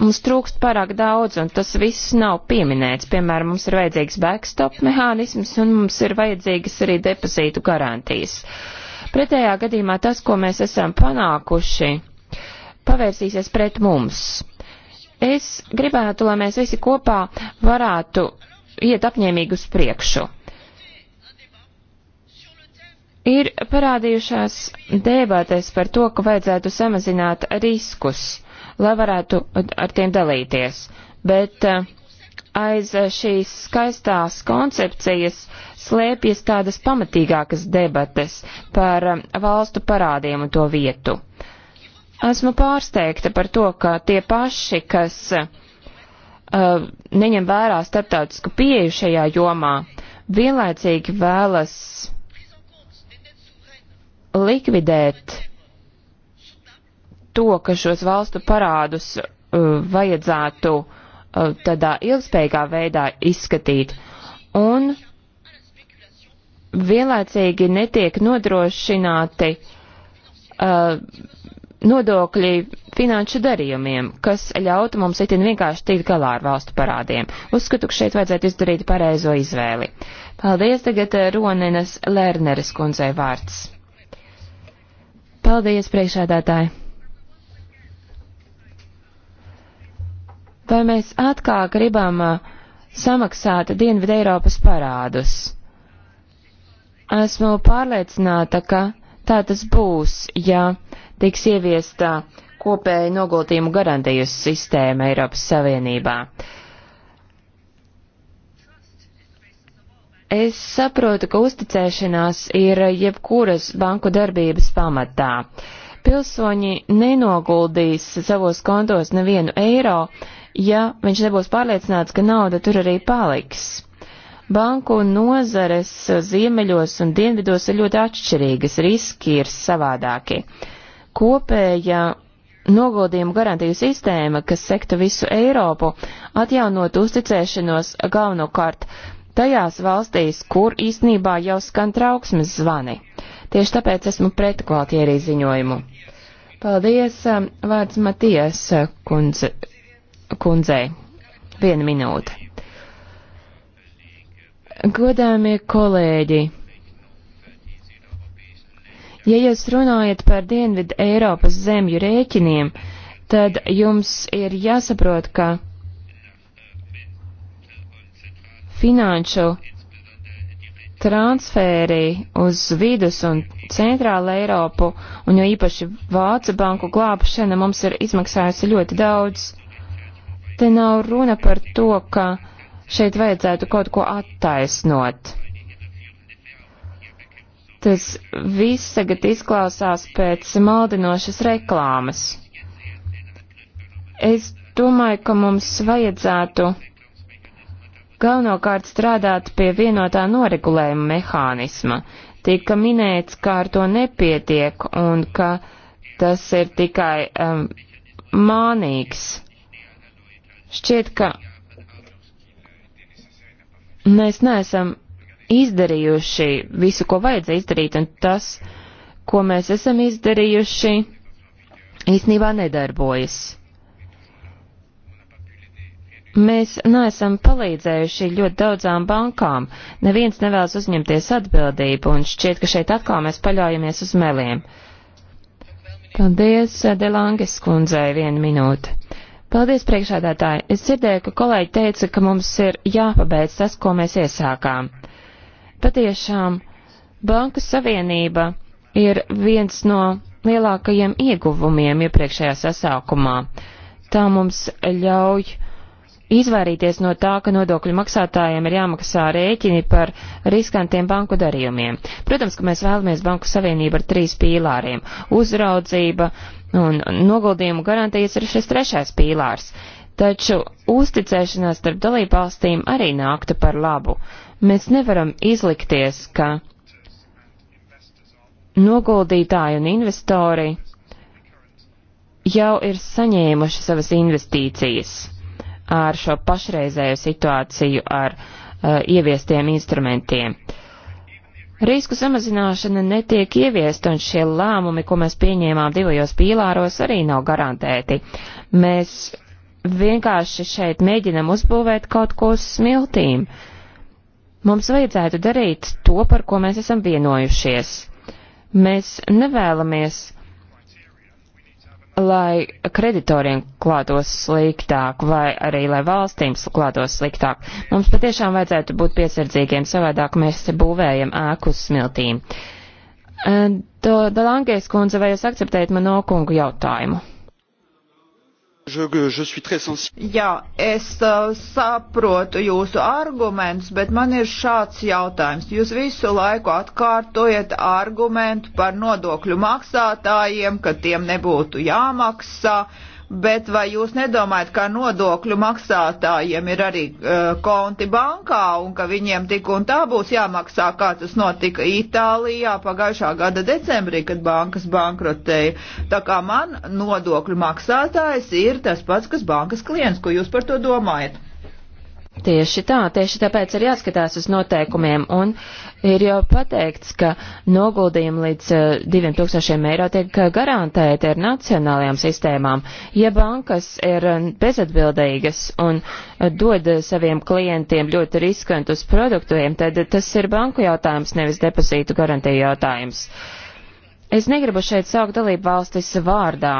mums trūkst pārāk daudz, un tas viss nav pieminēts. Piemēram, mums ir vajadzīgs backstop mehānisms, un mums ir vajadzīgas arī depozītu garantijas. Pretējā gadījumā tas, ko mēs esam panākuši, pavērsīsies pret mums. Es gribētu, lai mēs visi kopā varētu iet apņēmīgi uz priekšu. Ir parādījušās debatēs par to, ka vajadzētu samazināt riskus, lai varētu ar tiem dalīties, bet eh, aiz šīs skaistās koncepcijas slēpjas tādas pamatīgākas debates par eh, valstu parādiem un to vietu. Esmu pārsteigta par to, ka tie paši, kas uh, neņem vērā starptautisku pieeju šajā jomā, vienlaicīgi vēlas likvidēt to, ka šos valstu parādus uh, vajadzētu uh, tādā ilgspējīgā veidā izskatīt. Un vienlaicīgi netiek nodrošināti uh, nodokļi finanšu darījumiem, kas ļautu mums itin vienkārši tikt galā ar valstu parādiem. Uzskatu, ka šeit vajadzētu izdarīt pareizo izvēli. Paldies tagad uh, Ronenes Lerneres kundzei vārds. Paldies, priekšēdētāji! Vai mēs atkal gribam uh, samaksāt Dienvidu Eiropas parādus? Esmu pārliecināta, ka tā tas būs, ja tiks ieviesta kopēja noguldījumu garantijas sistēma Eiropas Savienībā. Uh, Es saprotu, ka uzticēšanās ir jebkuras banku darbības pamatā. Pilsoņi nenoguldīs savos kontos nevienu eiro, ja viņš nebūs pārliecināts, ka nauda tur arī paliks. Banku nozares ziemeļos un dienvidos ir ļoti atšķirīgas, riski ir savādāki. Kopēja noguldījumu garantiju sistēma, kas sektu visu Eiropu, atjaunot uzticēšanos galvenokārt tajās valstīs, kur īsnībā jau skan trauksmes zvani. Tieši tāpēc esmu pret kvaltierī ziņojumu. Paldies, um, vārds Matijas uh, kundze, kundzei. Viena minūte. Godāmie kolēģi, ja jūs runājat par Dienvidu Eiropas zemju rēķiniem, tad jums ir jāsaprot, ka finanšu transfēri uz vidus un centrālu Eiropu, un jo īpaši Vācu banku glābšana mums ir izmaksājusi ļoti daudz. Te nav runa par to, ka šeit vajadzētu kaut ko attaisnot. Tas viss tagad izklausās pēc maldinošas reklāmas. Es domāju, ka mums vajadzētu galvenokārt strādāt pie vienotā noregulējuma mehānisma. Tika minēts, ka ar to nepietiek un ka tas ir tikai um, mānīgs. Šķiet, ka mēs neesam izdarījuši visu, ko vajadzēja izdarīt, un tas, ko mēs esam izdarījuši, īstenībā nedarbojas. Mēs neesam palīdzējuši ļoti daudzām bankām. Neviens nevēlas uzņemties atbildību, un šķiet, ka šeit atkal mēs paļaujamies uz meliem. Paldies, eh, Delanges kundzei, viena minūte. Paldies, priekšādātāji. Es dzirdēju, ka kolēģi teica, ka mums ir jāpabeidz tas, ko mēs iesākām. Patiešām, Banku Savienība ir viens no lielākajiem ieguvumiem iepriekšējā sasaukumā. Tā mums ļauj izvairīties no tā, ka nodokļu maksātājiem ir jāmaksā rēķini par riskantiem banku darījumiem. Protams, ka mēs vēlamies banku savienību ar trīs pīlāriem - uzraudzība un noguldījumu garantijas ir šis trešais pīlārs. Taču uzticēšanās starp dalībvalstīm arī nāktu par labu. Mēs nevaram izlikties, ka noguldītāji un investori jau ir saņēmuši savas investīcijas ar šo pašreizējo situāciju, ar uh, ieviestiem instrumentiem. Risku samazināšana netiek ieviesta, un šie lēmumi, ko mēs pieņēmām divajos pīlāros, arī nav garantēti. Mēs vienkārši šeit mēģinam uzbūvēt kaut ko smiltīm. Mums vajadzētu darīt to, par ko mēs esam vienojušies. Mēs nevēlamies lai kreditoriem klātos sliktāk vai arī lai valstīm klātos sliktāk. Mums patiešām vajadzētu būt piesardzīgiem, savādāk mēs būvējam ēku uz smiltīm. Dalangēs kundze, vai jūs akceptējat manu okungu jautājumu? Jā, es uh, saprotu jūsu argumentus, bet man ir šāds jautājums. Jūs visu laiku atkārtojat argumentu par nodokļu maksātājiem, ka tiem nebūtu jāmaksā bet vai jūs nedomājat, ka nodokļu maksātājiem ir arī uh, konti bankā un ka viņiem tik un tā būs jāmaksā, kā tas notika Itālijā pagājušā gada decembrī, kad bankas bankrotēja. Tā kā man nodokļu maksātājs ir tas pats, kas bankas klients, ko jūs par to domājat? Tieši tā, tieši tāpēc ir jāskatās uz noteikumiem, un ir jau pateikts, ka noguldījumi līdz 2000 eh, eiro tiek garantēti ar nacionālajām sistēmām. Ja bankas ir eh, bezatbildīgas un eh, dod saviem klientiem ļoti riskantus produktiem, tad tas ir banku jautājums, nevis depozītu garantiju jautājums. Uh, Es negribu šeit saukt dalību valstis vārdā,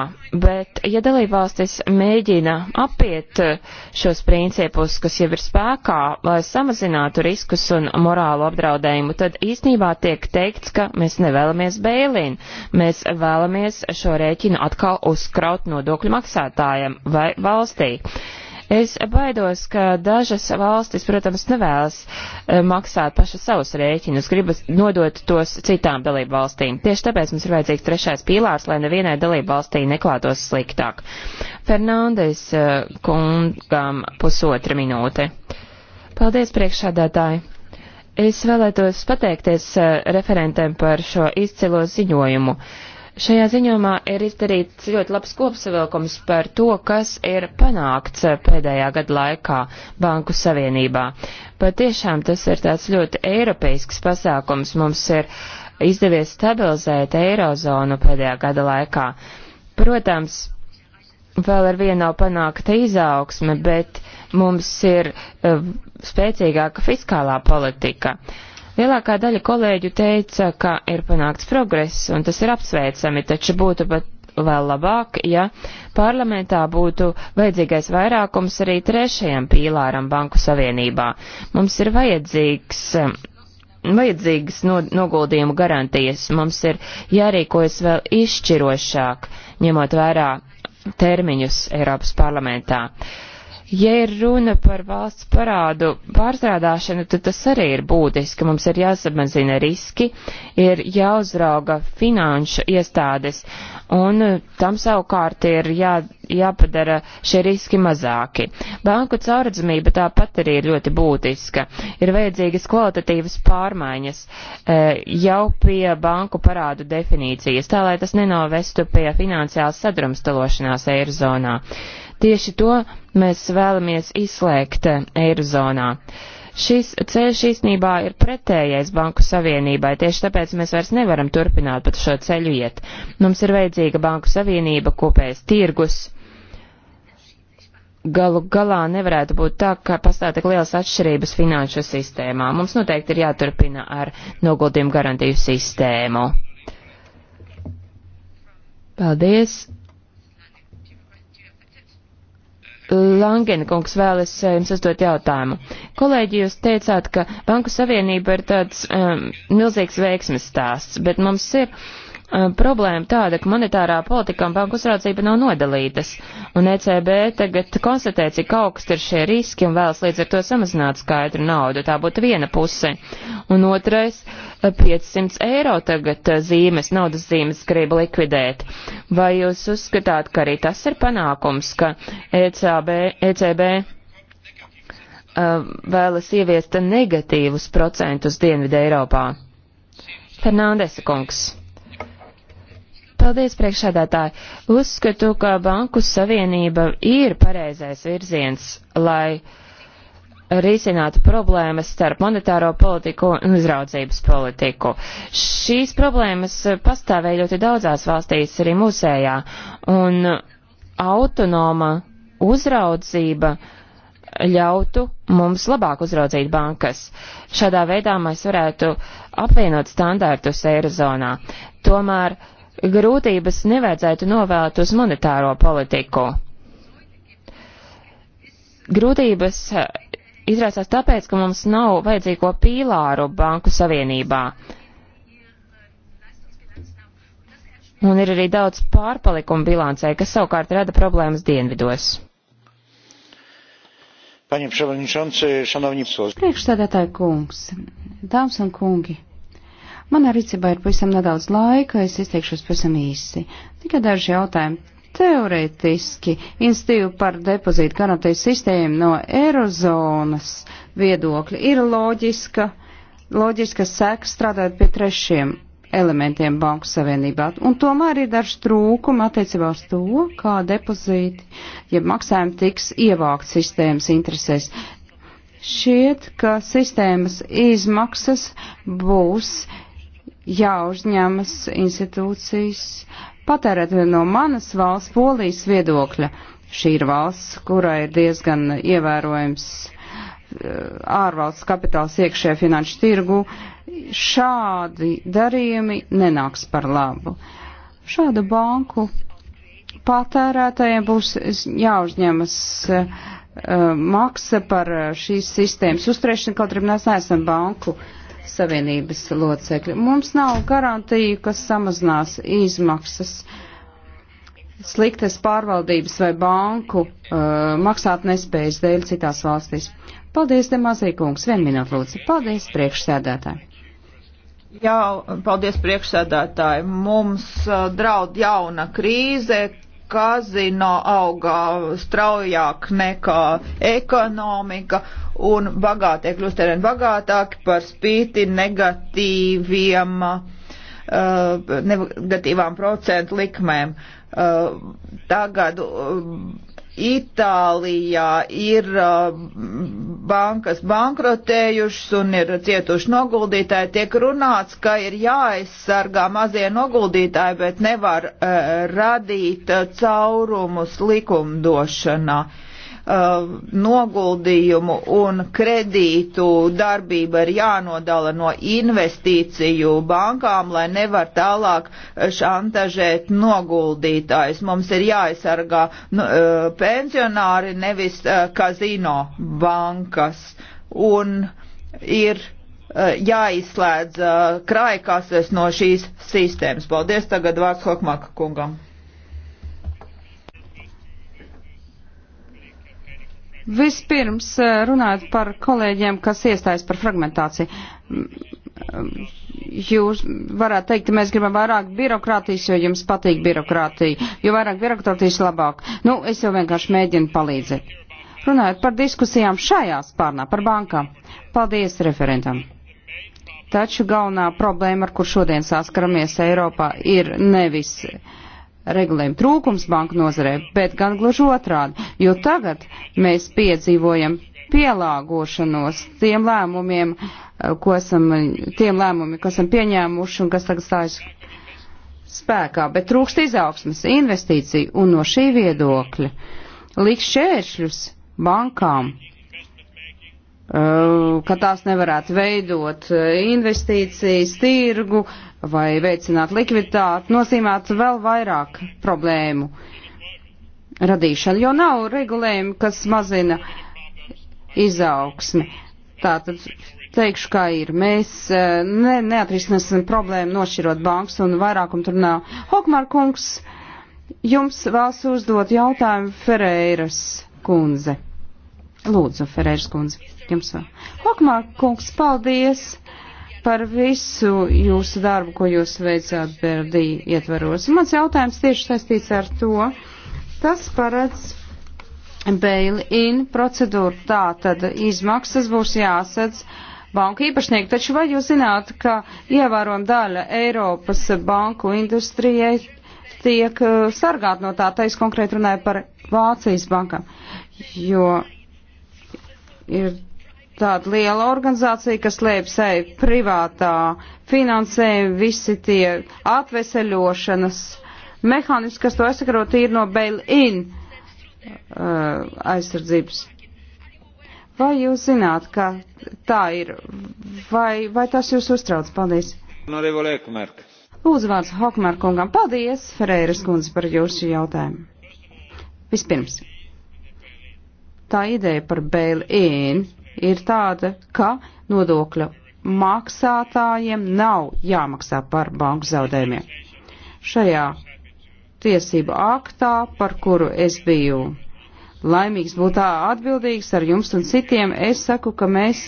bet ja dalību valstis mēģina apiet eh, šos principus, kas jau ir spēkā, lai samazinātu riskus un morālu apdraudējumu, tad īsnībā tiek teikts, ka mēs nevēlamies bēlīnu, mēs vēlamies šo rēķinu atkal uzkraut nodokļu maksātājiem vai valstī. Uh, Es baidos, ka dažas valstis, protams, nevēlas eh, maksāt pašas savus rēķinus, gribas nodot tos citām dalību valstīm. Tieši tāpēc mums ir vajadzīgs trešais pīlārs, lai nevienai dalību valstī neklātos sliktāk. Fernandes eh, kungam pusotra minūte. Paldies, priekšādātāji! Es vēlētos pateikties eh, referentiem par šo izcilo ziņojumu. Šajā ziņojumā ir izdarīts ļoti labs kopsavilkums par to, kas ir panākts pēdējā gada laikā Banku Savienībā. Pat tiešām tas ir tāds ļoti eiropeisks pasākums. Mums ir izdevies stabilizēt eirozonu pēdējā gada laikā. Protams, vēl ar vienu nav panākta izaugsme, bet mums ir uh, spēcīgāka fiskālā politika. Uh, Lielākā daļa kolēģu teica, ka ir panākts progress, un tas ir apsveicami, taču būtu pat vēl labāk, ja parlamentā būtu vajadzīgais vairākums arī trešajam pīlāram Banku Savienībā. Mums ir vajadzīgs um, vajadzīgas no, noguldījumu garantijas. Mums ir jārīkojas vēl izšķirošāk, ņemot vērā termiņus Eiropas parlamentā. Ja ir runa par valsts parādu pārstrādāšanu, tad tas arī ir būtiski. Mums ir jāsamazina riski, ir jāuzrauga finanšu iestādes, un tam savukārt ir jā, jāpadara šie riski mazāki. Banku caurredzamība tāpat arī ir ļoti būtiska. Ir vajadzīgas kvalitatīvas pārmaiņas e, jau pie banku parādu definīcijas, tā lai tas nenovestu pie finansiālas sadrumstalošanās Eirozonā. Tieši to mēs vēlamies izslēgt eh, Eirozonā. Šis ceļš īstenībā ir pretējais Banku Savienībai, tieši tāpēc mēs vairs nevaram turpināt pat šo ceļu iet. Mums ir vajadzīga Banku Savienība, kopējs tirgus. Galu galā nevarētu būt tā, ka pastāv tik lielas atšķirības finanšu sistēmā. Mums noteikti ir jāturpina ar noguldījumu garantiju sistēmu. Paldies! Langena kungs vēlas eh, jums uzdot jautājumu. Kolēģi, jūs teicāt, ka Banku Savienība ir tāds um, milzīgs veiksmes stāsts, bet mums ir uh, Eh, problēma tāda, ka monetārā politika un banku uzraudzība nav nodalītas, un ECB tagad konstatē, cik augsti ir šie riski un vēlas līdz ar to samazināt skaidru naudu. Tā būtu viena puse. Un otrais, 500 eh, eiro tagad eh, zīmes, naudas zīmes grib likvidēt. Vai jūs uzskatāt, ka arī tas ir panākums, ka ECB, ECB vēlas ieviest negatīvus procentus Dienvidē Eiropā? Fernandesa kungs. Paldies, priekšsēdētāji. Uzskatu, ka Banku Savienība ir pareizais virziens, lai risinātu problēmas starp monetāro politiku un uzraudzības politiku. Šīs problēmas pastāvēja ļoti daudzās valstīs, arī mūsējā, un autonoma uzraudzība ļautu mums labāk uzraudzīt bankas. Šādā veidā mēs varētu apvienot standārtus Eirozonā. Tomēr grūtības nevajadzētu novēlēt uz monetāro politiku. Grūtības eh, izrāsās tāpēc, ka mums nav vajadzīgo pīlāru banku savienībā. Un ir arī daudz pārpalikumu bilancē, kas savukārt rada problēmas dienvidos. Priekšsēdētāji kungs, dāmas un kungi, Manā rīcībā ir pavisam nedaudz laika, es izteikšos pavisam īsi. Tikai daži jautājumi. Teorētiski institīvu par depozītu garantēju sistēmu no Eirozonas viedokļa ir loģiska, loģiska seka strādāt pie trešiem elementiem Banku Savienībā. Un tomēr ir dažs trūkumi attiecībā uz to, kā depozīti, ja maksājumi tiks ievākt sistēmas interesēs. Šķiet, ka sistēmas izmaksas būs jāuzņemas institūcijas patērēt no manas valsts polijas viedokļa. Šī ir valsts, kurai ir diezgan ievērojams eh, ārvalsts kapitāls iekšē finanšu tirgu. Šādi darījumi nenāks par labu. Šādu banku patērētājiem būs jāuzņemas uh, maksa par šīs sistēmas uzturēšanu, kaut arī mēs neesam banku uh, Savienības locekļi. Mums nav garantija, kas samazinās izmaksas sliktas pārvaldības vai banku uh, maksāt nespējas dēļ citās valstīs. Paldies, Demāzī kungs, vien minūte lūdzu. Paldies, priekšsēdētāji. Jā, paldies priekšsēdētāji. Mums uh, draud jauna krīze, kazino augā straujāk nekā ekonomika, un bagātie kļūst arvien bagātāki par spīti negatīviem, uh, negatīvām procentu likmēm. Uh, tagad uh, Itālijā ir uh, bankas bankrotējušas un ir cietuši noguldītāji. Tiek runāts, ka ir jāaizsargā mazie noguldītāji, bet nevar uh, radīt uh, caurumus likumdošanā. Uh, Uh, noguldījumu un kredītu darbība ir jānodala no investīciju bankām, lai nevar tālāk šantažēt noguldītājs. Mums ir jāaizsargā nu, uh, pensionāri, nevis uh, kazino bankas. Un ir jāizslēdz krājkases no šīs sistēmas. Paldies tagad vārds Hokmaka kungam. Vispirms eh, runājot par kolēģiem, kas iestājas par fragmentāciju. Mm, mm, jūs varētu teikt, mēs gribam vairāk birokrātijas, jo jums patīk birokrātija. Jo vairāk birokrātijas, labāk. Nu, es jau vienkārši mēģinu palīdzēt. Runājot par diskusijām šajā spārnā par bankām. Paldies referentam. Taču galvenā problēma, ar kur šodien saskaramies Eiropā, ir nevis. Uh, regulējuma trūkums banku nozarē, bet gan gluži otrādi, jo tagad mēs piedzīvojam pielāgošanos tiem lēmumiem, eh, ko esam, tiem lēmumiem, ko esam pieņēmuši un kas tagad stājas spēkā, bet trūkst izaugsmas, investīciju un no šī viedokļa liks šķēršļus bankām Uh, ka tās nevarētu veidot uh, investīcijas, tirgu vai veicināt likviditāti, nozīmētu vēl vairāk problēmu radīšanu, jo nav regulējumi, kas mazina izaugsmi. Tātad teikšu, kā ir. Mēs uh, ne, neatrisināsim problēmu nošķirot bankas un vairākumu tur nav. Hokmār kungs, jums vēlas uzdot jautājumu Ferreiras kundze. Lūdzu, Ferēžas kundze, jums vēl. Hokmā kungs, paldies! par visu jūsu darbu, ko jūs veicāt Berdī ietvaros. Mans jautājums tieši saistīts ar to, tas paredz bail-in procedūru. Tā tad izmaksas būs jāsadz banku īpašnieku, taču vai jūs zināt, ka ievērojama daļa Eiropas banku industrijai tiek uh, sargāt no tā, tā es konkrēti runāju par Vācijas bankām, jo ir tāda liela organizācija, kas lēp sevi privātā finansē visi tie atveseļošanas mehānismi, kas to aizsakarot ir no bail-in uh, aizsardzības. Vai jūs zināt, ka tā ir, vai, vai tas jūs uztrauc? Paldies. Lūdzu vārds Hokmārkungam. Paldies, Ferēras kundze, par jūsu jautājumu. Vispirms tā ideja par bail-in ir tāda, ka nodokļa maksātājiem nav jāmaksā par banku zaudējumiem. Šajā tiesību aktā, par kuru es biju laimīgs būt atbildīgs ar jums un citiem, es saku, ka mēs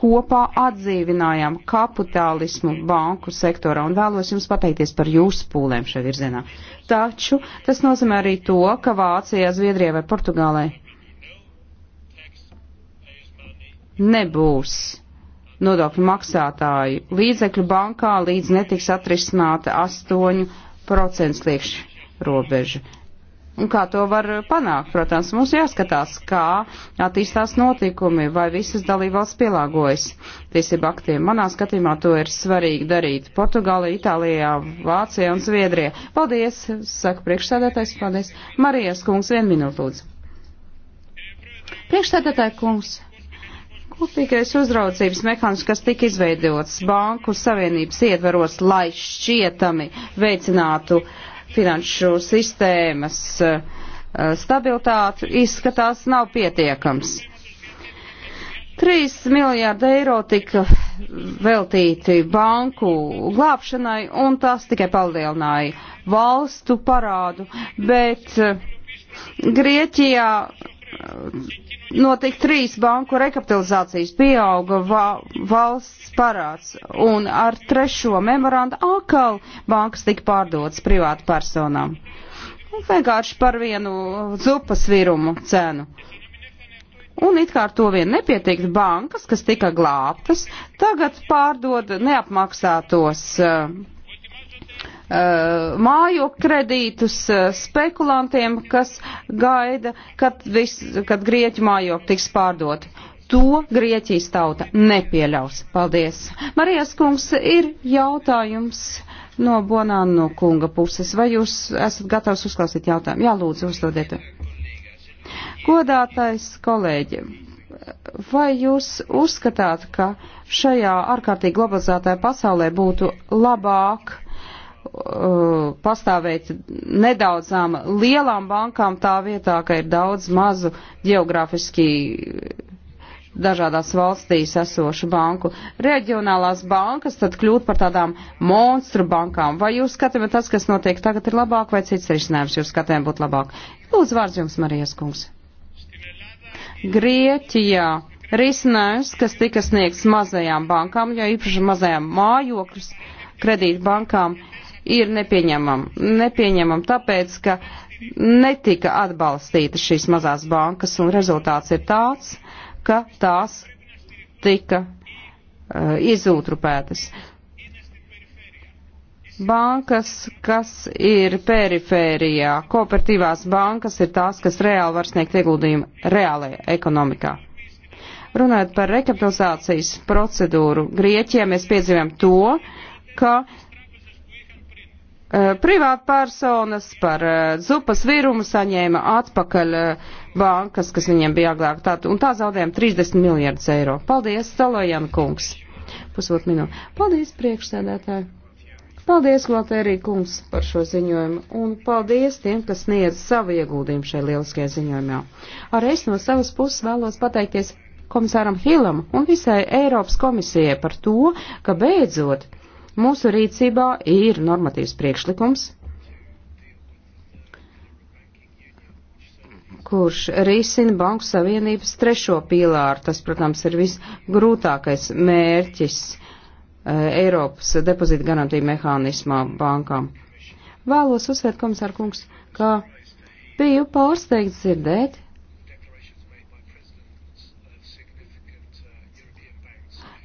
kopā atdzīvinājām kapitālismu banku sektorā un vēlos jums pateikties par jūsu pūlēm šajā virzienā. Taču tas nozīmē arī to, ka Vācijā, Zviedrijā vai Portugālē nebūs nodokļu maksātāju līdzekļu bankā, līdz netiks atrisināta 8% liekšņa robeža. Un kā to var panākt? Protams, mums jāskatās, kā attīstās notikumi, vai visas dalībvalsts pielāgojas tiesību aktiem. Manā skatījumā to ir svarīgi darīt Portugāla, Itālijā, Vācijā un Zviedrijā. Paldies, saka priekšsēdētājs, paldies. Marijas kungs, vien minūte lūdzu. Priekšsēdētāja kungs, Kopīgais uzraudzības mehānisms, kas tika izveidots Banku Savienības ietveros, lai šķietami veicinātu finanšu sistēmas eh, stabilitāti, izskatās nav pietiekams. 3 miljārdi eiro tika veltīti banku glābšanai, un tas tikai palielināja valstu parādu, bet eh, Grieķijā notika trīs banku rekapitalizācijas, pieauga va, valsts parāds, un ar trešo memorandu atkal bankas tika pārdotas privātu personām. Vienkārši par vienu zupas virumu cenu. Un it kā ar to vien nepietiek bankas, kas tika glābtas, tagad pārdod neapmaksātos uh, Uh, māju kredītus uh, spekulantiem, kas gaida, kad, vis, kad grieķu mājokļi tiks pārdoti. To Grieķijas tauta nepieļaus. Paldies. Marijas kungs ir jautājums no Bonanno kunga puses. Vai jūs esat gatavs uzklausīt jautājumu? Jā, lūdzu, uzdodiet. Godātais kolēģi, vai jūs uzskatāt, ka šajā ārkārtīgi globalizētajā pasaulē būtu labāk Uh, pastāvēt nedaudzām lielām bankām tā vietā, ka ir daudz mazu geografiski dažādās valstīs esošu banku. Reģionālās bankas tad kļūt par tādām monstru bankām. Vai jūs skatījumā tas, kas notiek tagad, ir labāk vai cits risinājums jūs skatījumā būtu labāk? Lūdzu, vārds jums, Marijas kungs. Grieķijā risinājums, kas tika sniegts mazajām bankām, jo īpaši mazajām mājokļus kredītbankām, ir nepieņemam. Nepieņemam tāpēc, ka netika atbalstīta šīs mazās bankas un rezultāts ir tāds, ka tās tika uh, izūtrupētas. Bankas, kas ir perifērijā, kooperatīvās bankas ir tās, kas reāli var sniegt ieguldījumu reālajā ekonomikā. Runājot par rekapitalizācijas procedūru, Grieķijā mēs piedzīvām to, ka uh, Eh, privātpersonas par eh, zupas virumu saņēma atpakaļ eh, bankas, kas viņiem bija agrāk. Tā, un tā zaudējām 30 miljardus eiro. Paldies, Stalojan kungs. Pusotru minūti. Paldies, priekšsēdētāji. Paldies, Lotērī kungs, par šo ziņojumu. Un paldies tiem, kas sniedz savu ieguldījumu šajā lieliskajā ziņojumā. Arī es no savas puses vēlos pateikties komisāram Hilam un visai Eiropas komisijai par to, ka beidzot Mūsu rīcībā ir normatīvs priekšlikums, kurš risina Banku Savienības trešo pīlāru. Tas, protams, ir visgrūtākais mērķis eh, Eiropas depozīta garantija mehānismā bankām. Vēlos uzsvērt, komisār kungs, ka biju pārsteigts dzirdēt,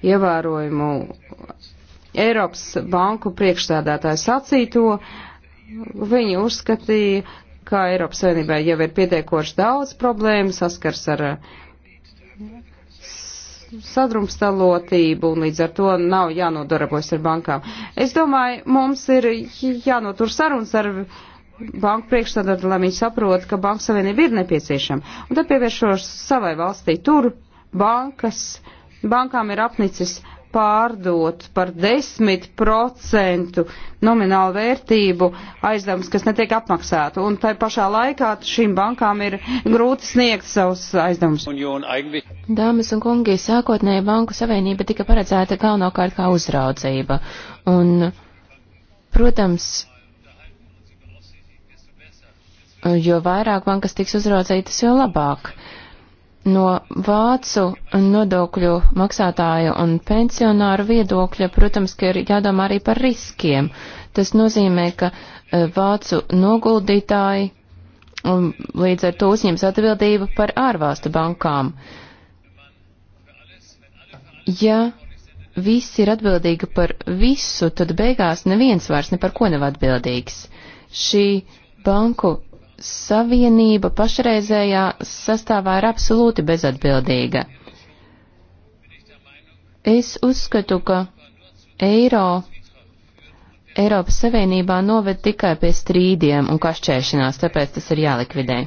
ievērojumu Eiropas banku priekšstādātāju sacīto. Viņi uzskatīja, ka Eiropas Savienībā jau ir pietiekoši daudz problēmu, saskars ar uh, sadrumstalotību un līdz ar to nav jānodarbojas ar bankām. Es domāju, mums ir jānotur sarunas ar banku priekšstādātāju, lai viņi saprot, ka banku savienība ir nepieciešama. Un tad pievēršos savai valstī. Tur bankas, bankām ir apnicis pārdot par 10% nominālu vērtību aizdevums, kas netiek apmaksātu. Un tai pašā laikā šīm bankām ir grūti sniegt savus aizdevumus. Dāmas un kungi, sākotnēji Banku Savienība tika paredzēta galvenokārt kā uzraudzība. Un, protams, jo vairāk bankas tiks uzraudzītas, jo labāk. Uh, No vācu nodokļu maksātāju un pensionāru viedokļa, protams, ka ir jādomā arī par riskiem. Tas nozīmē, ka e, vācu noguldītāji līdz ar to uzņems atbildību par ārvalstu bankām. Ja visi ir atbildīgi par visu, tad beigās neviens vairs ne par ko nav atbildīgs. Šī banku Savienība pašreizējā sastāvā ir absolūti bezatbildīga. Es uzskatu, ka eiro Eiropas Savienībā noved tikai pie strīdiem un kašķēšanās, tāpēc tas ir jālikvidē.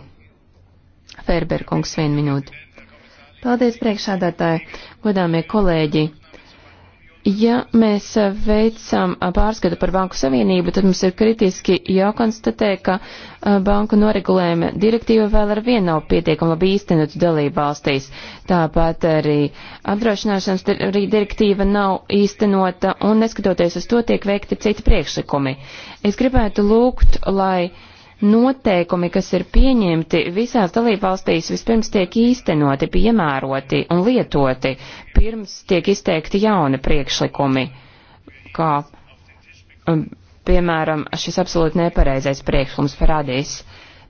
Ferberkungs, vienu minūti. Paldies priekšādātāji, godāmie kolēģi. Ja mēs eh, veicam eh, pārskatu par Banku Savienību, tad mums ir kritiski jākonstatē, ka eh, banku noregulējuma direktīva vēl ar vienu nav pietiekami labi īstenot dalību valstīs. Tāpat arī apdrošināšanas direktīva nav īstenota un neskatoties uz to tiek veikti citi priekšlikumi. Es gribētu lūgt, lai noteikumi, kas ir pieņemti visās dalībvalstīs, vispirms tiek īstenoti, piemēroti un lietoti, pirms tiek izteikti jauni priekšlikumi, kā, um, piemēram, šis absolūti nepareizais priekšlikums parādīs.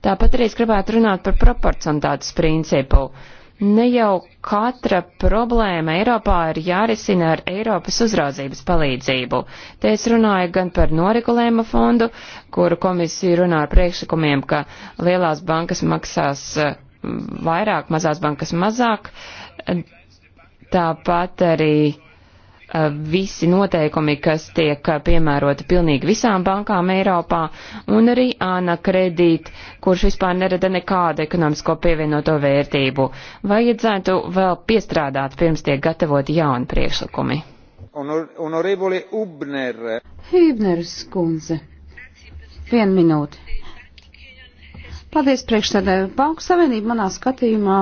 Tāpat arī es gribētu runāt par proporcionātas principu. Uh, Ne jau katra problēma Eiropā ir jārisina ar Eiropas uzraudzības palīdzību. Te es runāju gan par norikulējuma fondu, kuru komisija runā ar priekšlikumiem, ka lielās bankas maksās vairāk, mazās bankas mazāk. Tāpat arī Eh, visi noteikumi, kas tiek eh, piemēroti pilnīgi visām bankām Eiropā, un arī ANA kredīt, kurš vispār nerada nekādu ekonomisko pievienoto vērtību. Vajadzētu vēl piestrādāt, pirms tiek gatavoti jauni priekšlikumi. Honor, honorevole Ubner. Hībners kundze. Vienu minūti. Paldies priekšsēdē. Banku savienība manā skatījumā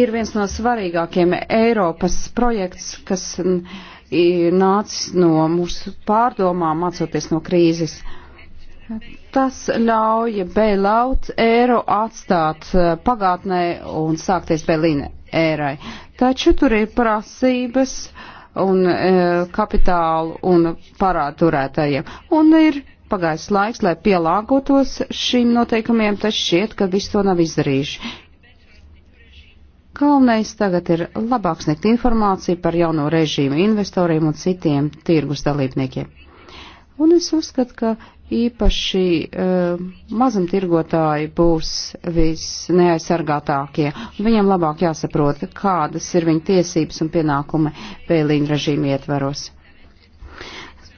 ir viens no svarīgākiem Eiropas projekts, kas. M, nācis no mūsu pārdomām, mācoties no krīzes. Tas ļauj bailout eiro atstāt eh, pagātnē un sākties Berlīne ērai. Taču tur ir prasības un e, kapitālu un parādturētājiem. Un ir pagājis laiks, lai pielāgotos šīm noteikumiem, taču šķiet, ka viss to nav izdarījuši. Kalnais tagad ir labāk sniegt informāciju par jauno režīmu investoriem un citiem tirgus dalībniekiem. Un es uzskatu, ka īpaši uh, mazumtirgotāji būs visneaizsargātākie. Viņam labāk jāsaprot, kādas ir viņa tiesības un pienākumi pēliņu režīmu ietvaros.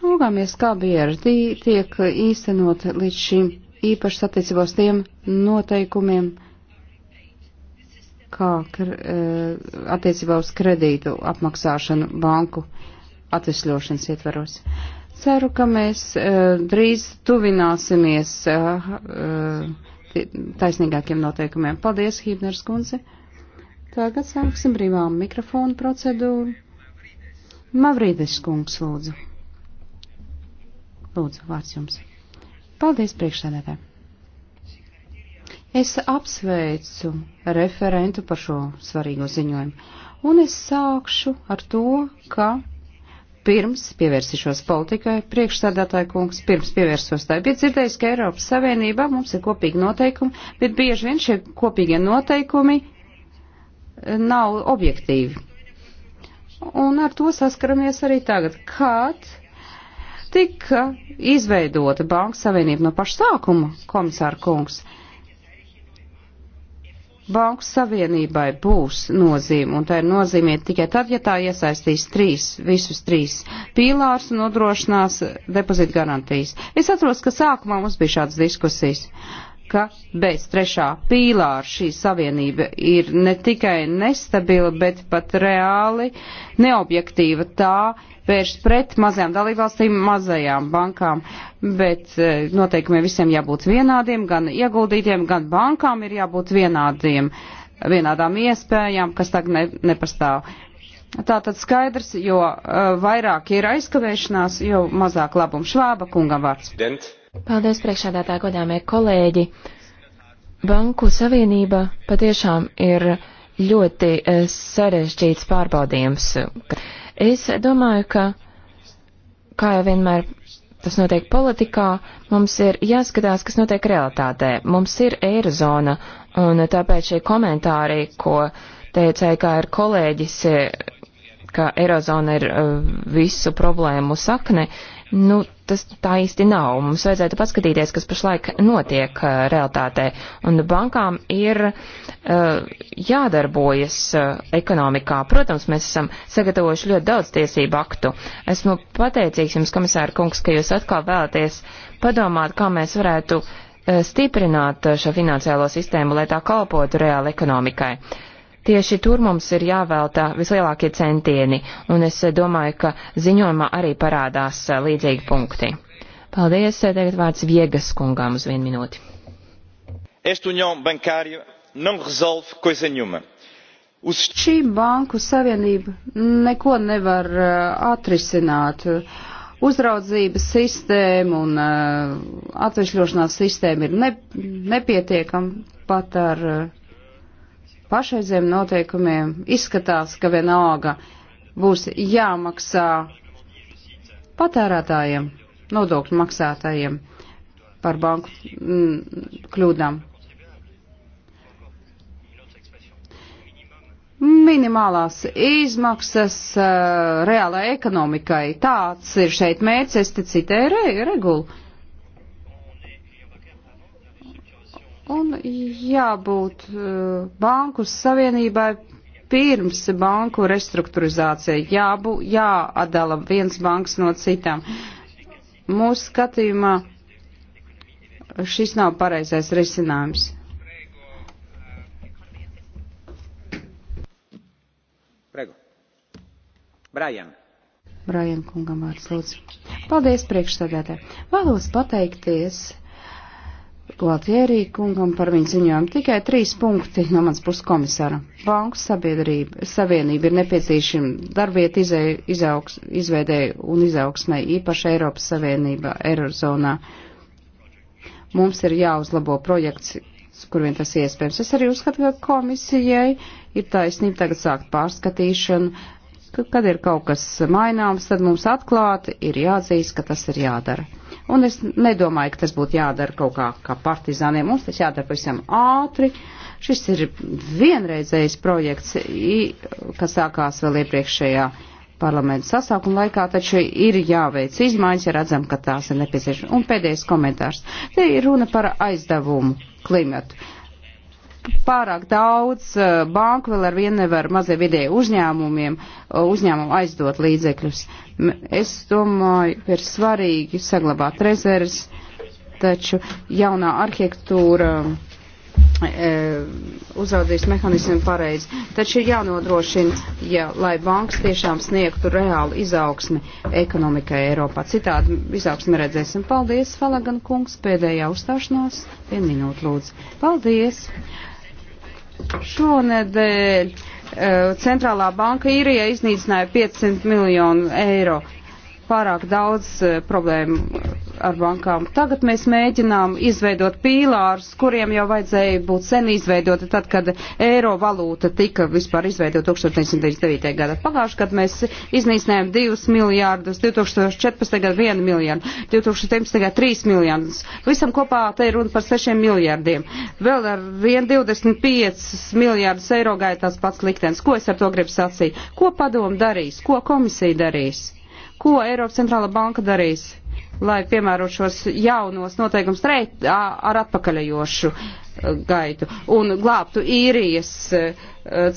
Lūgāmies, kā BRD tiek īstenot līdz šim īpaši attiecībos tiem noteikumiem, kā eh, attiecībā uz kredītu apmaksāšanu banku atvesļošanas ietveros. Ceru, ka mēs eh, drīz tuvināsimies eh, taisnīgākiem noteikumiem. Paldies, Hībners kundze. Tagad sāksim brīvā mikrofonu procedūru. Mavrīdes kungs, lūdzu. Lūdzu, vārds jums. Paldies, priekšsēdētāji. Es apsveicu referentu par šo svarīgo ziņojumu. Un es sākšu ar to, ka pirms pievērsīšos politikai, priekšstādātāja kungs, pirms pievērsos tai, bija dzirdējis, ka Eiropas Savienībā mums ir kopīgi noteikumi, bet bieži vien šie kopīgie noteikumi eh, nav objektīvi. Un ar to saskaramies arī tagad. Kad tika izveidota Banka Savienība no paša sākuma, komisāra kungs? Banku savienībai būs nozīme, un tā ir nozīmē tikai tad, ja tā iesaistīs trīs, visus trīs pīlārs un nodrošinās depozīta garantijas. Es atceros, ka sākumā mums bija šādas diskusijas. Uh, ka bez trešā pīlāra šī savienība ir ne tikai nestabila, bet pat reāli neobjektīva. Tā vērš pret mazajām dalībvalstīm, mazajām bankām, bet e, noteikumiem visiem jābūt vienādiem, gan ieguldītiem, gan bankām ir jābūt vienādiem, vienādām iespējām, kas tagad ne, nepastāv. Tātad skaidrs, jo uh, vairāk ir aizkavēšanās, jo mazāk labums švāba kungam vārds. Dent. Paldies, priekšādātā godāmie kolēģi. Banku savienība patiešām ir ļoti eh, sarežģīts pārbaudījums. Es domāju, ka, kā jau vienmēr tas notiek politikā, mums ir jāskatās, kas notiek realitātē. Mums ir eirozona, un tāpēc šie komentāri, ko teica, e kā ir kolēģis, eh, ka eirozona ir eh, visu problēmu sakne, nu, tas tā īsti nav. Mums vajadzētu paskatīties, kas pašlaik notiek uh, realitātē. Un bankām ir uh, jādarbojas uh, ekonomikā. Protams, mēs esam sagatavojuši ļoti daudz tiesību aktu. Esmu pateicīgs jums, komisāra kungs, ka jūs atkal vēlaties padomāt, kā mēs varētu uh, stiprināt uh, šo finansiālo sistēmu, lai tā kalpotu reāli ekonomikai. Uh, Tieši tur mums ir jāveltā vislielākie centieni, un es domāju, ka ziņojumā arī parādās līdzīgi punkti. Paldies, tagad vārds Viegas kungām uz vienu minūti. Šī banku savienība neko nevar eh, atrisināt uzraudzības sistēma un uh, eh, atvešļošanās sistēma ir ne, nepietiekama pat ar uh, pašreiziem noteikumiem izskatās, ka vienalga būs jāmaksā patērētājiem, nodokļu maksātājiem par banku mm, kļūdām. Minimālās izmaksas uh, eh, reālai ekonomikai. Tāds ir šeit mērķis, es te citēju re, regulu. Un jābūt eh, banku savienībai pirms banku restruktūrizācija, jābū, jāatdala viens banks no citām. Mūsu skatījumā šis nav pareizais risinājums. Prego. Brian. Brian kungam vārds lūdzu. Paldies priekšstādātē. Vēlos pateikties Gualtierī kungam par viņu ziņojumu tikai trīs punkti no mans puses komisāra. Banku sabiedrība, savienība ir nepieciešama darbvieta izē, izaugs, izveidēja un izaugsmē īpaši Eiropas Savienība Eirozonā. Mums ir jāuzlabo projekts, kur vien tas iespējams. Es arī uzskatu, ka komisijai ir taisnība tagad sākt pārskatīšanu, ka, kad ir kaut kas maināms, tad mums atklāti ir jāatzīst, ka tas ir jādara. Un es nedomāju, ka tas būtu jādara kaut kā kā partizāniem. Mums tas jādara pavisam ātri. Šis ir vienreizējs projekts, kas sākās vēl iepriekšējā parlamentu sasākuma laikā, taču ir jāveic izmaiņas, ja redzam, ka tās ir nepieciešamas. Un pēdējais komentārs. Te ir runa par aizdevumu klimatu pārāk daudz eh, banku vēl ar vienu nevar mazie vidēji uzņēmumiem, eh, uzņēmumu aizdot līdzekļus. Es domāju, ir svarīgi saglabāt rezerves, taču jaunā arhitektūra eh, uzraudzīs mehānismu pareizi. Taču ir jānodrošina, ja, lai bankas tiešām sniegtu reālu izaugsmi ekonomikai Eiropā. Citādi izaugsmi redzēsim. Paldies, Falagan kungs, pēdējā uzstāšanās. Vienu minūtu lūdzu. Paldies! Šonedēļ eh, Centrālā banka īrijā iznīcināja 500 miljonu eiro pārāk daudz e, problēmu ar bankām. Tagad mēs mēģinām izveidot pīlārus, kuriem jau vajadzēja būt sen izveidoti, tad, kad eiro valūta tika vispār izveidota 1999. gadā. Pagājuši, kad mēs iznīcinājām 2 miljārdus, 2014. gadā 1 miljārdu, 2017. gadā 3 miljārdus. Visam kopā te ir runa par 6 miljārdiem. Vēl ar 1,25 miljārdus eiro gaitās pats liktenis. Ko es ar to gribu sacīt? Ko padomu darīs? Ko komisija darīs? Ko Eiropas centrāla banka darīs, lai piemērot šos jaunos noteikums treit ar atpakaļajošu e, gaitu un glābtu īrijas e,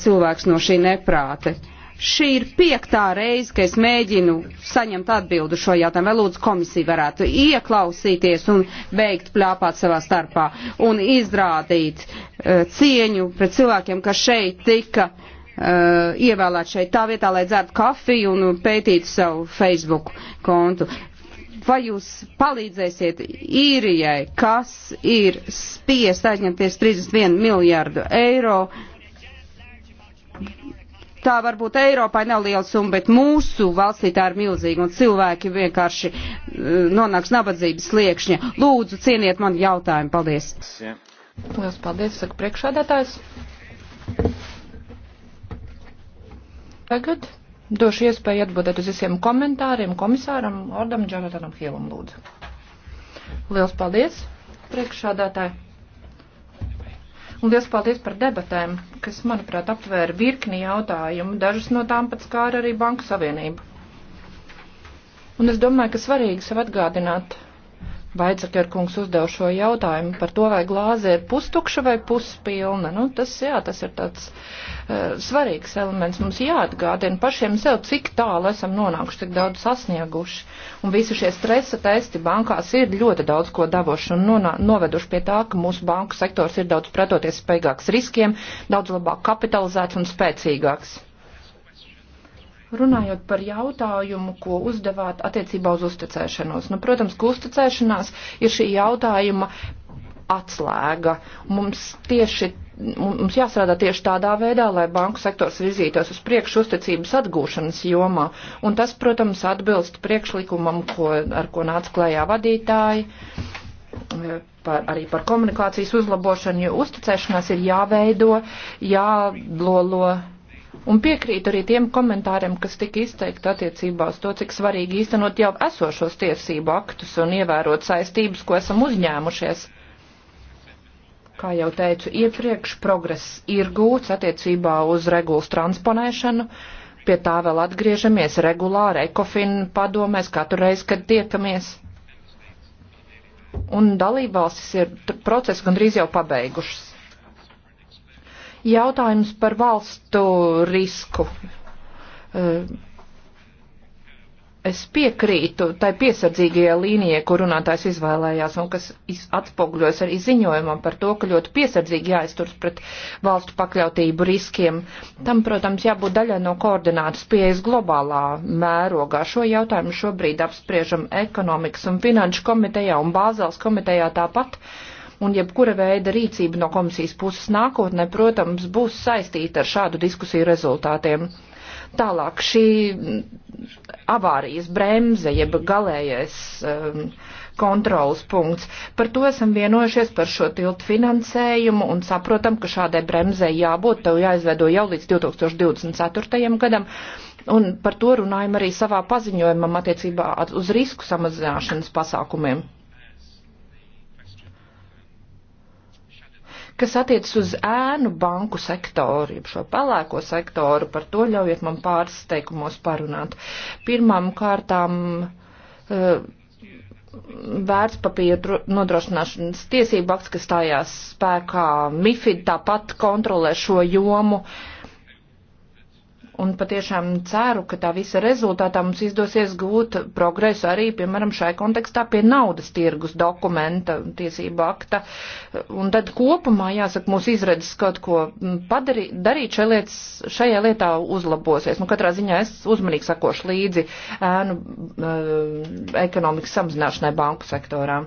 cilvēks no šī neprāte? Šī ir piektā reize, ka es mēģinu saņemt atbildu šo jautājumu. Vai lūdzu komisija varētu ieklausīties un beigt plāpāt savā starpā un izrādīt uh, cieņu pret cilvēkiem, kas šeit tika uh, Uh, ievēlēt šeit tā vietā, lai dzertu kafiju un pētītu savu Facebook kontu. Vai jūs palīdzēsiet īrijai, kas ir spiest aizņemties 31 miljārdu eiro? Tā varbūt Eiropai nav liela summa, bet mūsu valstī tā ir milzīga un cilvēki vienkārši uh, nonāks nabadzības sliekšņa. Lūdzu, cieniet man jautājumu. Paldies! Lielas paldies, saka priekšādātājs. Tagad došu iespēju atbildēt uz visiem komentāriem komisāram Ordam Džonatanam Hilam lūdzu. Liels paldies, priekšādātāji! Un liels paldies par debatēm, kas, manuprāt, aptvēra virkni jautājumu, dažas no tām pat skāra arī Banku Savienību. Un es domāju, ka svarīgi sev atgādināt Vaicakar kungs uzdev šo jautājumu par to, vai glāze ir pustukša vai puspilna. Nu, tas, jā, tas ir tāds uh, svarīgs elements. Mums jāatgādina pašiem sev, cik tālu esam nonākuši, cik daudz sasnieguši. Un visi šie stresa testi bankās ir ļoti daudz ko devuši un nonā, noveduši pie tā, ka mūsu banku sektors ir daudz pretoties spējīgāks riskiem, daudz labāk kapitalizēts un spēcīgāks. Runājot par jautājumu, ko uzdevāt attiecībā uz uzticēšanos. Nu, protams, ka uzticēšanās ir šī jautājuma atslēga. Mums tieši mums jāstrādā tieši tādā veidā, lai banku sektors virzītos uz priekšu uzticības atgūšanas jomā. Un tas, protams, atbilst priekšlikumam, ko, ar ko nāca klējā vadītāji, par, arī par komunikācijas uzlabošanu, jo uzticēšanās ir jāveido, jāblolo Un piekrītu arī tiem komentāriem, kas tika izteikti attiecībā uz to, cik svarīgi īstenot jau esošos tiesību aktus un ievērot saistības, ko esam uzņēmušies. Kā jau teicu iepriekš, progress ir gūts attiecībā uz regulas transponēšanu. Pie tā vēl atgriežamies regulāri ekofin padomēs katru reizi, kad tiekamies. Un dalībvalstis ir procesu gandrīz jau pabeigušas Jautājums par valstu risku. E, es piekrītu tai piesardzīgajai līnijai, ko runātājs izvēlējās un kas atspogļojas arī ziņojumam par to, ka ļoti piesardzīgi jāizturas pret valstu pakļautību riskiem. Tam, protams, jābūt daļai no koordinātas pieejas globālā mērogā. Šo jautājumu šobrīd apspriežam ekonomikas un finanšu komitejā un bāzels komitejā tāpat. Uh, un jebkura veida rīcība no komisijas puses nākotnē, protams, būs saistīta ar šādu diskusiju rezultātiem. Tālāk šī avārijas bremze, jeb galējais um, kontrols punkts. Par to esam vienojušies par šo tiltu finansējumu un saprotam, ka šādai bremzē jābūt, tev jāizveido jau līdz 2024. gadam. Un par to runājam arī savā paziņojumam attiecībā uz risku samazināšanas pasākumiem. kas attiec uz ēnu banku sektoru, šo pelēko sektoru, par to ļaujiet man pāris teikumos parunāt. Pirmām kārtām. Uh, vērtspapīra nodrošināšanas tiesību akts, kas stājās spēkā MIFID, tāpat kontrolē šo jomu. Uh, Un patiešām ceru, ka tā visa rezultātā mums izdosies gūt progresu arī, piemēram, šai kontekstā pie naudas tirgus dokumenta tiesību akta. Un tad kopumā, jāsaka, mūs izredzes kaut ko padarīt, darīt šajā, lietas, šajā lietā uzlabosies. Nu, katrā ziņā es uzmanīgi sakošu līdzi ēnu ekonomikas samazināšanai banku sektorā.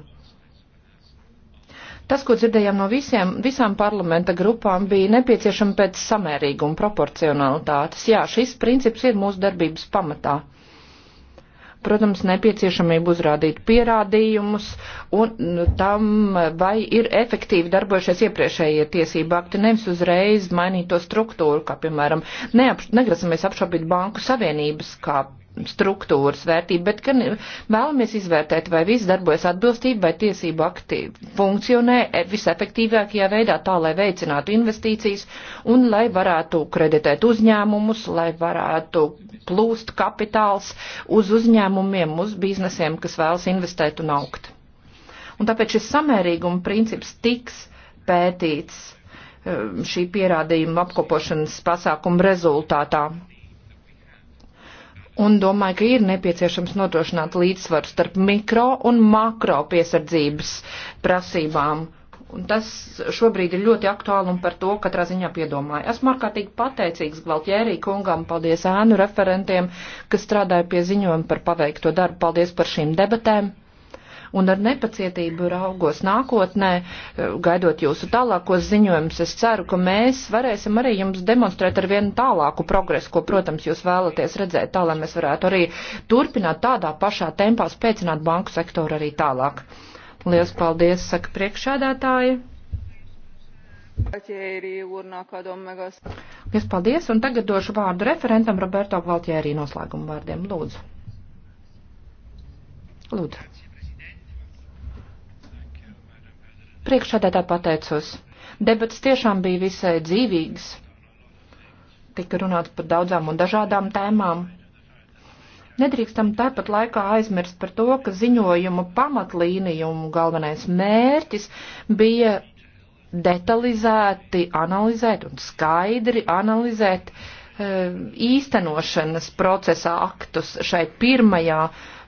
Tas, ko dzirdējām no visiem, visām parlamenta grupām, bija nepieciešama pēc samērīguma proporcionalitātes. Jā, šis princips ir mūsu darbības pamatā. Protams, nepieciešamība uzrādīt pierādījumus un nu, tam, vai ir efektīvi darbojušies iepriekšējie tiesība akti, nevis uzreiz mainīt to struktūru, kā, piemēram, neapš negrasamies apšaubīt Banku Savienības kā struktūras vērtību, bet gan vēlamies izvērtēt, vai viss darbojas atbilstīgi, vai tiesību akti funkcionē visefektīvākajā veidā, tā lai veicinātu investīcijas un lai varētu kreditēt uzņēmumus, lai varētu plūst kapitāls uz uzņēmumiem, uz biznesiem, kas vēlas investēt un augt. Un tāpēc šis samērīguma princips tiks pētīts eh, šī pierādījuma apkopošanas pasākuma rezultātā un domāju, ka ir nepieciešams nodrošināt līdzsvaru starp mikro un makro piesardzības prasībām. Un tas šobrīd ir ļoti aktuāli un par to katrā ziņā piedomāju. Esmu ārkārtīgi pateicīgs Gvaltjērī kungam, paldies ēnu referentiem, kas strādāja pie ziņojuma par paveikto darbu, paldies par šīm debatēm un ar nepacietību raugos nākotnē, e, gaidot jūsu tālākos ziņojumus. Es ceru, ka mēs varēsim arī jums demonstrēt ar vienu tālāku progresu, ko, protams, jūs vēlaties redzēt, tā lai mēs varētu arī turpināt tādā pašā tempā spēcināt banku sektoru arī tālāk. Lielas paldies, saka priekšādātāji. Lielas paldies, un tagad došu vārdu referentam Roberto Gvaltjērī noslēguma vārdiem. Lūdzu. Lūdzu. Priekšādētā pateicos. Debats tiešām bija visai dzīvīgs. Tika runāts par daudzām un dažādām tēmām. Nedrīkstam tāpat laikā aizmirst par to, ka ziņojuma pamatlīnija un galvenais mērķis bija detalizēti analizēt un skaidri analizēt e, īstenošanas procesa aktus šai pirmajā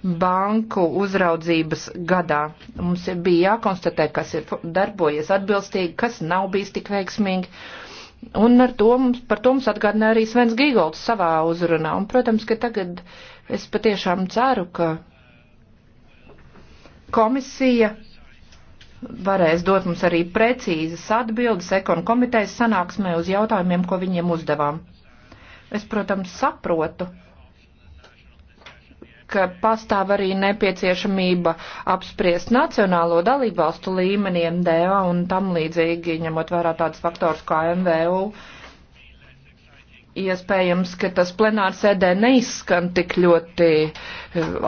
banku uzraudzības gadā. Mums bija jākonstatē, kas ir darbojies atbilstīgi, kas nav bijis tik veiksmīgi. Un ar to mums, par to mums atgādināja arī Svens Gīgolds savā uzrunā. Un, protams, ka tagad es patiešām ceru, ka komisija varēs dot mums arī precīzas atbildes ekonu komitejas sanāksmē uz jautājumiem, ko viņiem uzdevām. Es, protams, saprotu, ka pastāv arī nepieciešamība apspriest nacionālo dalībvalstu līmenī MDA e un tam līdzīgi, ņemot vērā tādus faktors kā MVU. Iespējams, ka tas plenāra sēdē neizskan tik ļoti eh,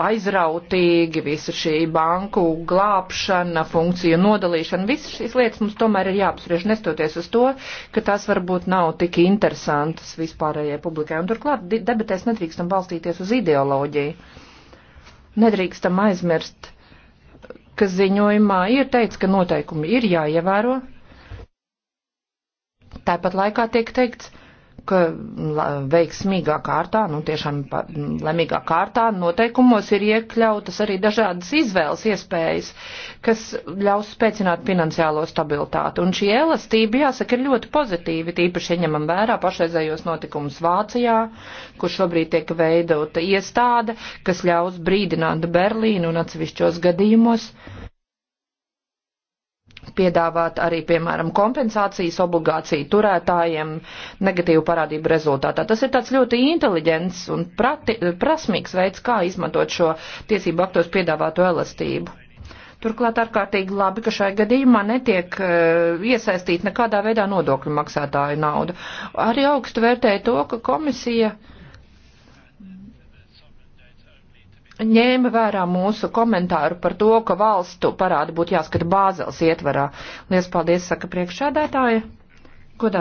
aizrautīgi, visa šī banku glābšana, funkciju nodalīšana, visas šīs lietas mums tomēr ir jāapspriež, nestoties uz to, ka tās varbūt nav tik interesantas vispārējai publikai. Un turklāt debatēs nedrīkstam balstīties uz ideoloģiju Nedrīkstam aizmirst, ka ziņojumā ir teikts, ka noteikumi ir jāievēro. Tāpat laikā tiek teikts, ka veiksmīgā kārtā, nu tiešām lemīgā kārtā noteikumos ir iekļautas arī dažādas izvēles iespējas, kas ļaus spēcināt finansiālo stabilitāti. Un šī elastība, jāsaka, ir ļoti pozitīvi, tīpaši ieņemam vērā pašreizējos notikumus Vācijā, kur šobrīd tiek veidota iestāde, kas ļaus brīdināt Berlīnu un atsevišķos gadījumos piedāvāt arī, piemēram, kompensācijas obligāciju turētājiem negatīvu parādību rezultātā. Tas ir tāds ļoti inteliģents un prati, prasmīgs veids, kā izmantot šo tiesību aktos piedāvāto elastību. Turklāt ārkārtīgi labi, ka šai gadījumā netiek uh, e, iesaistīta nekādā veidā nodokļu maksātāju nauda. Arī augstu vērtēja to, ka komisija uh, ņēma vērā mūsu komentāru par to, ka valstu parādi būtu jāskata bāzels ietvarā. Lies paldies, saka priekšsēdētāja. Godā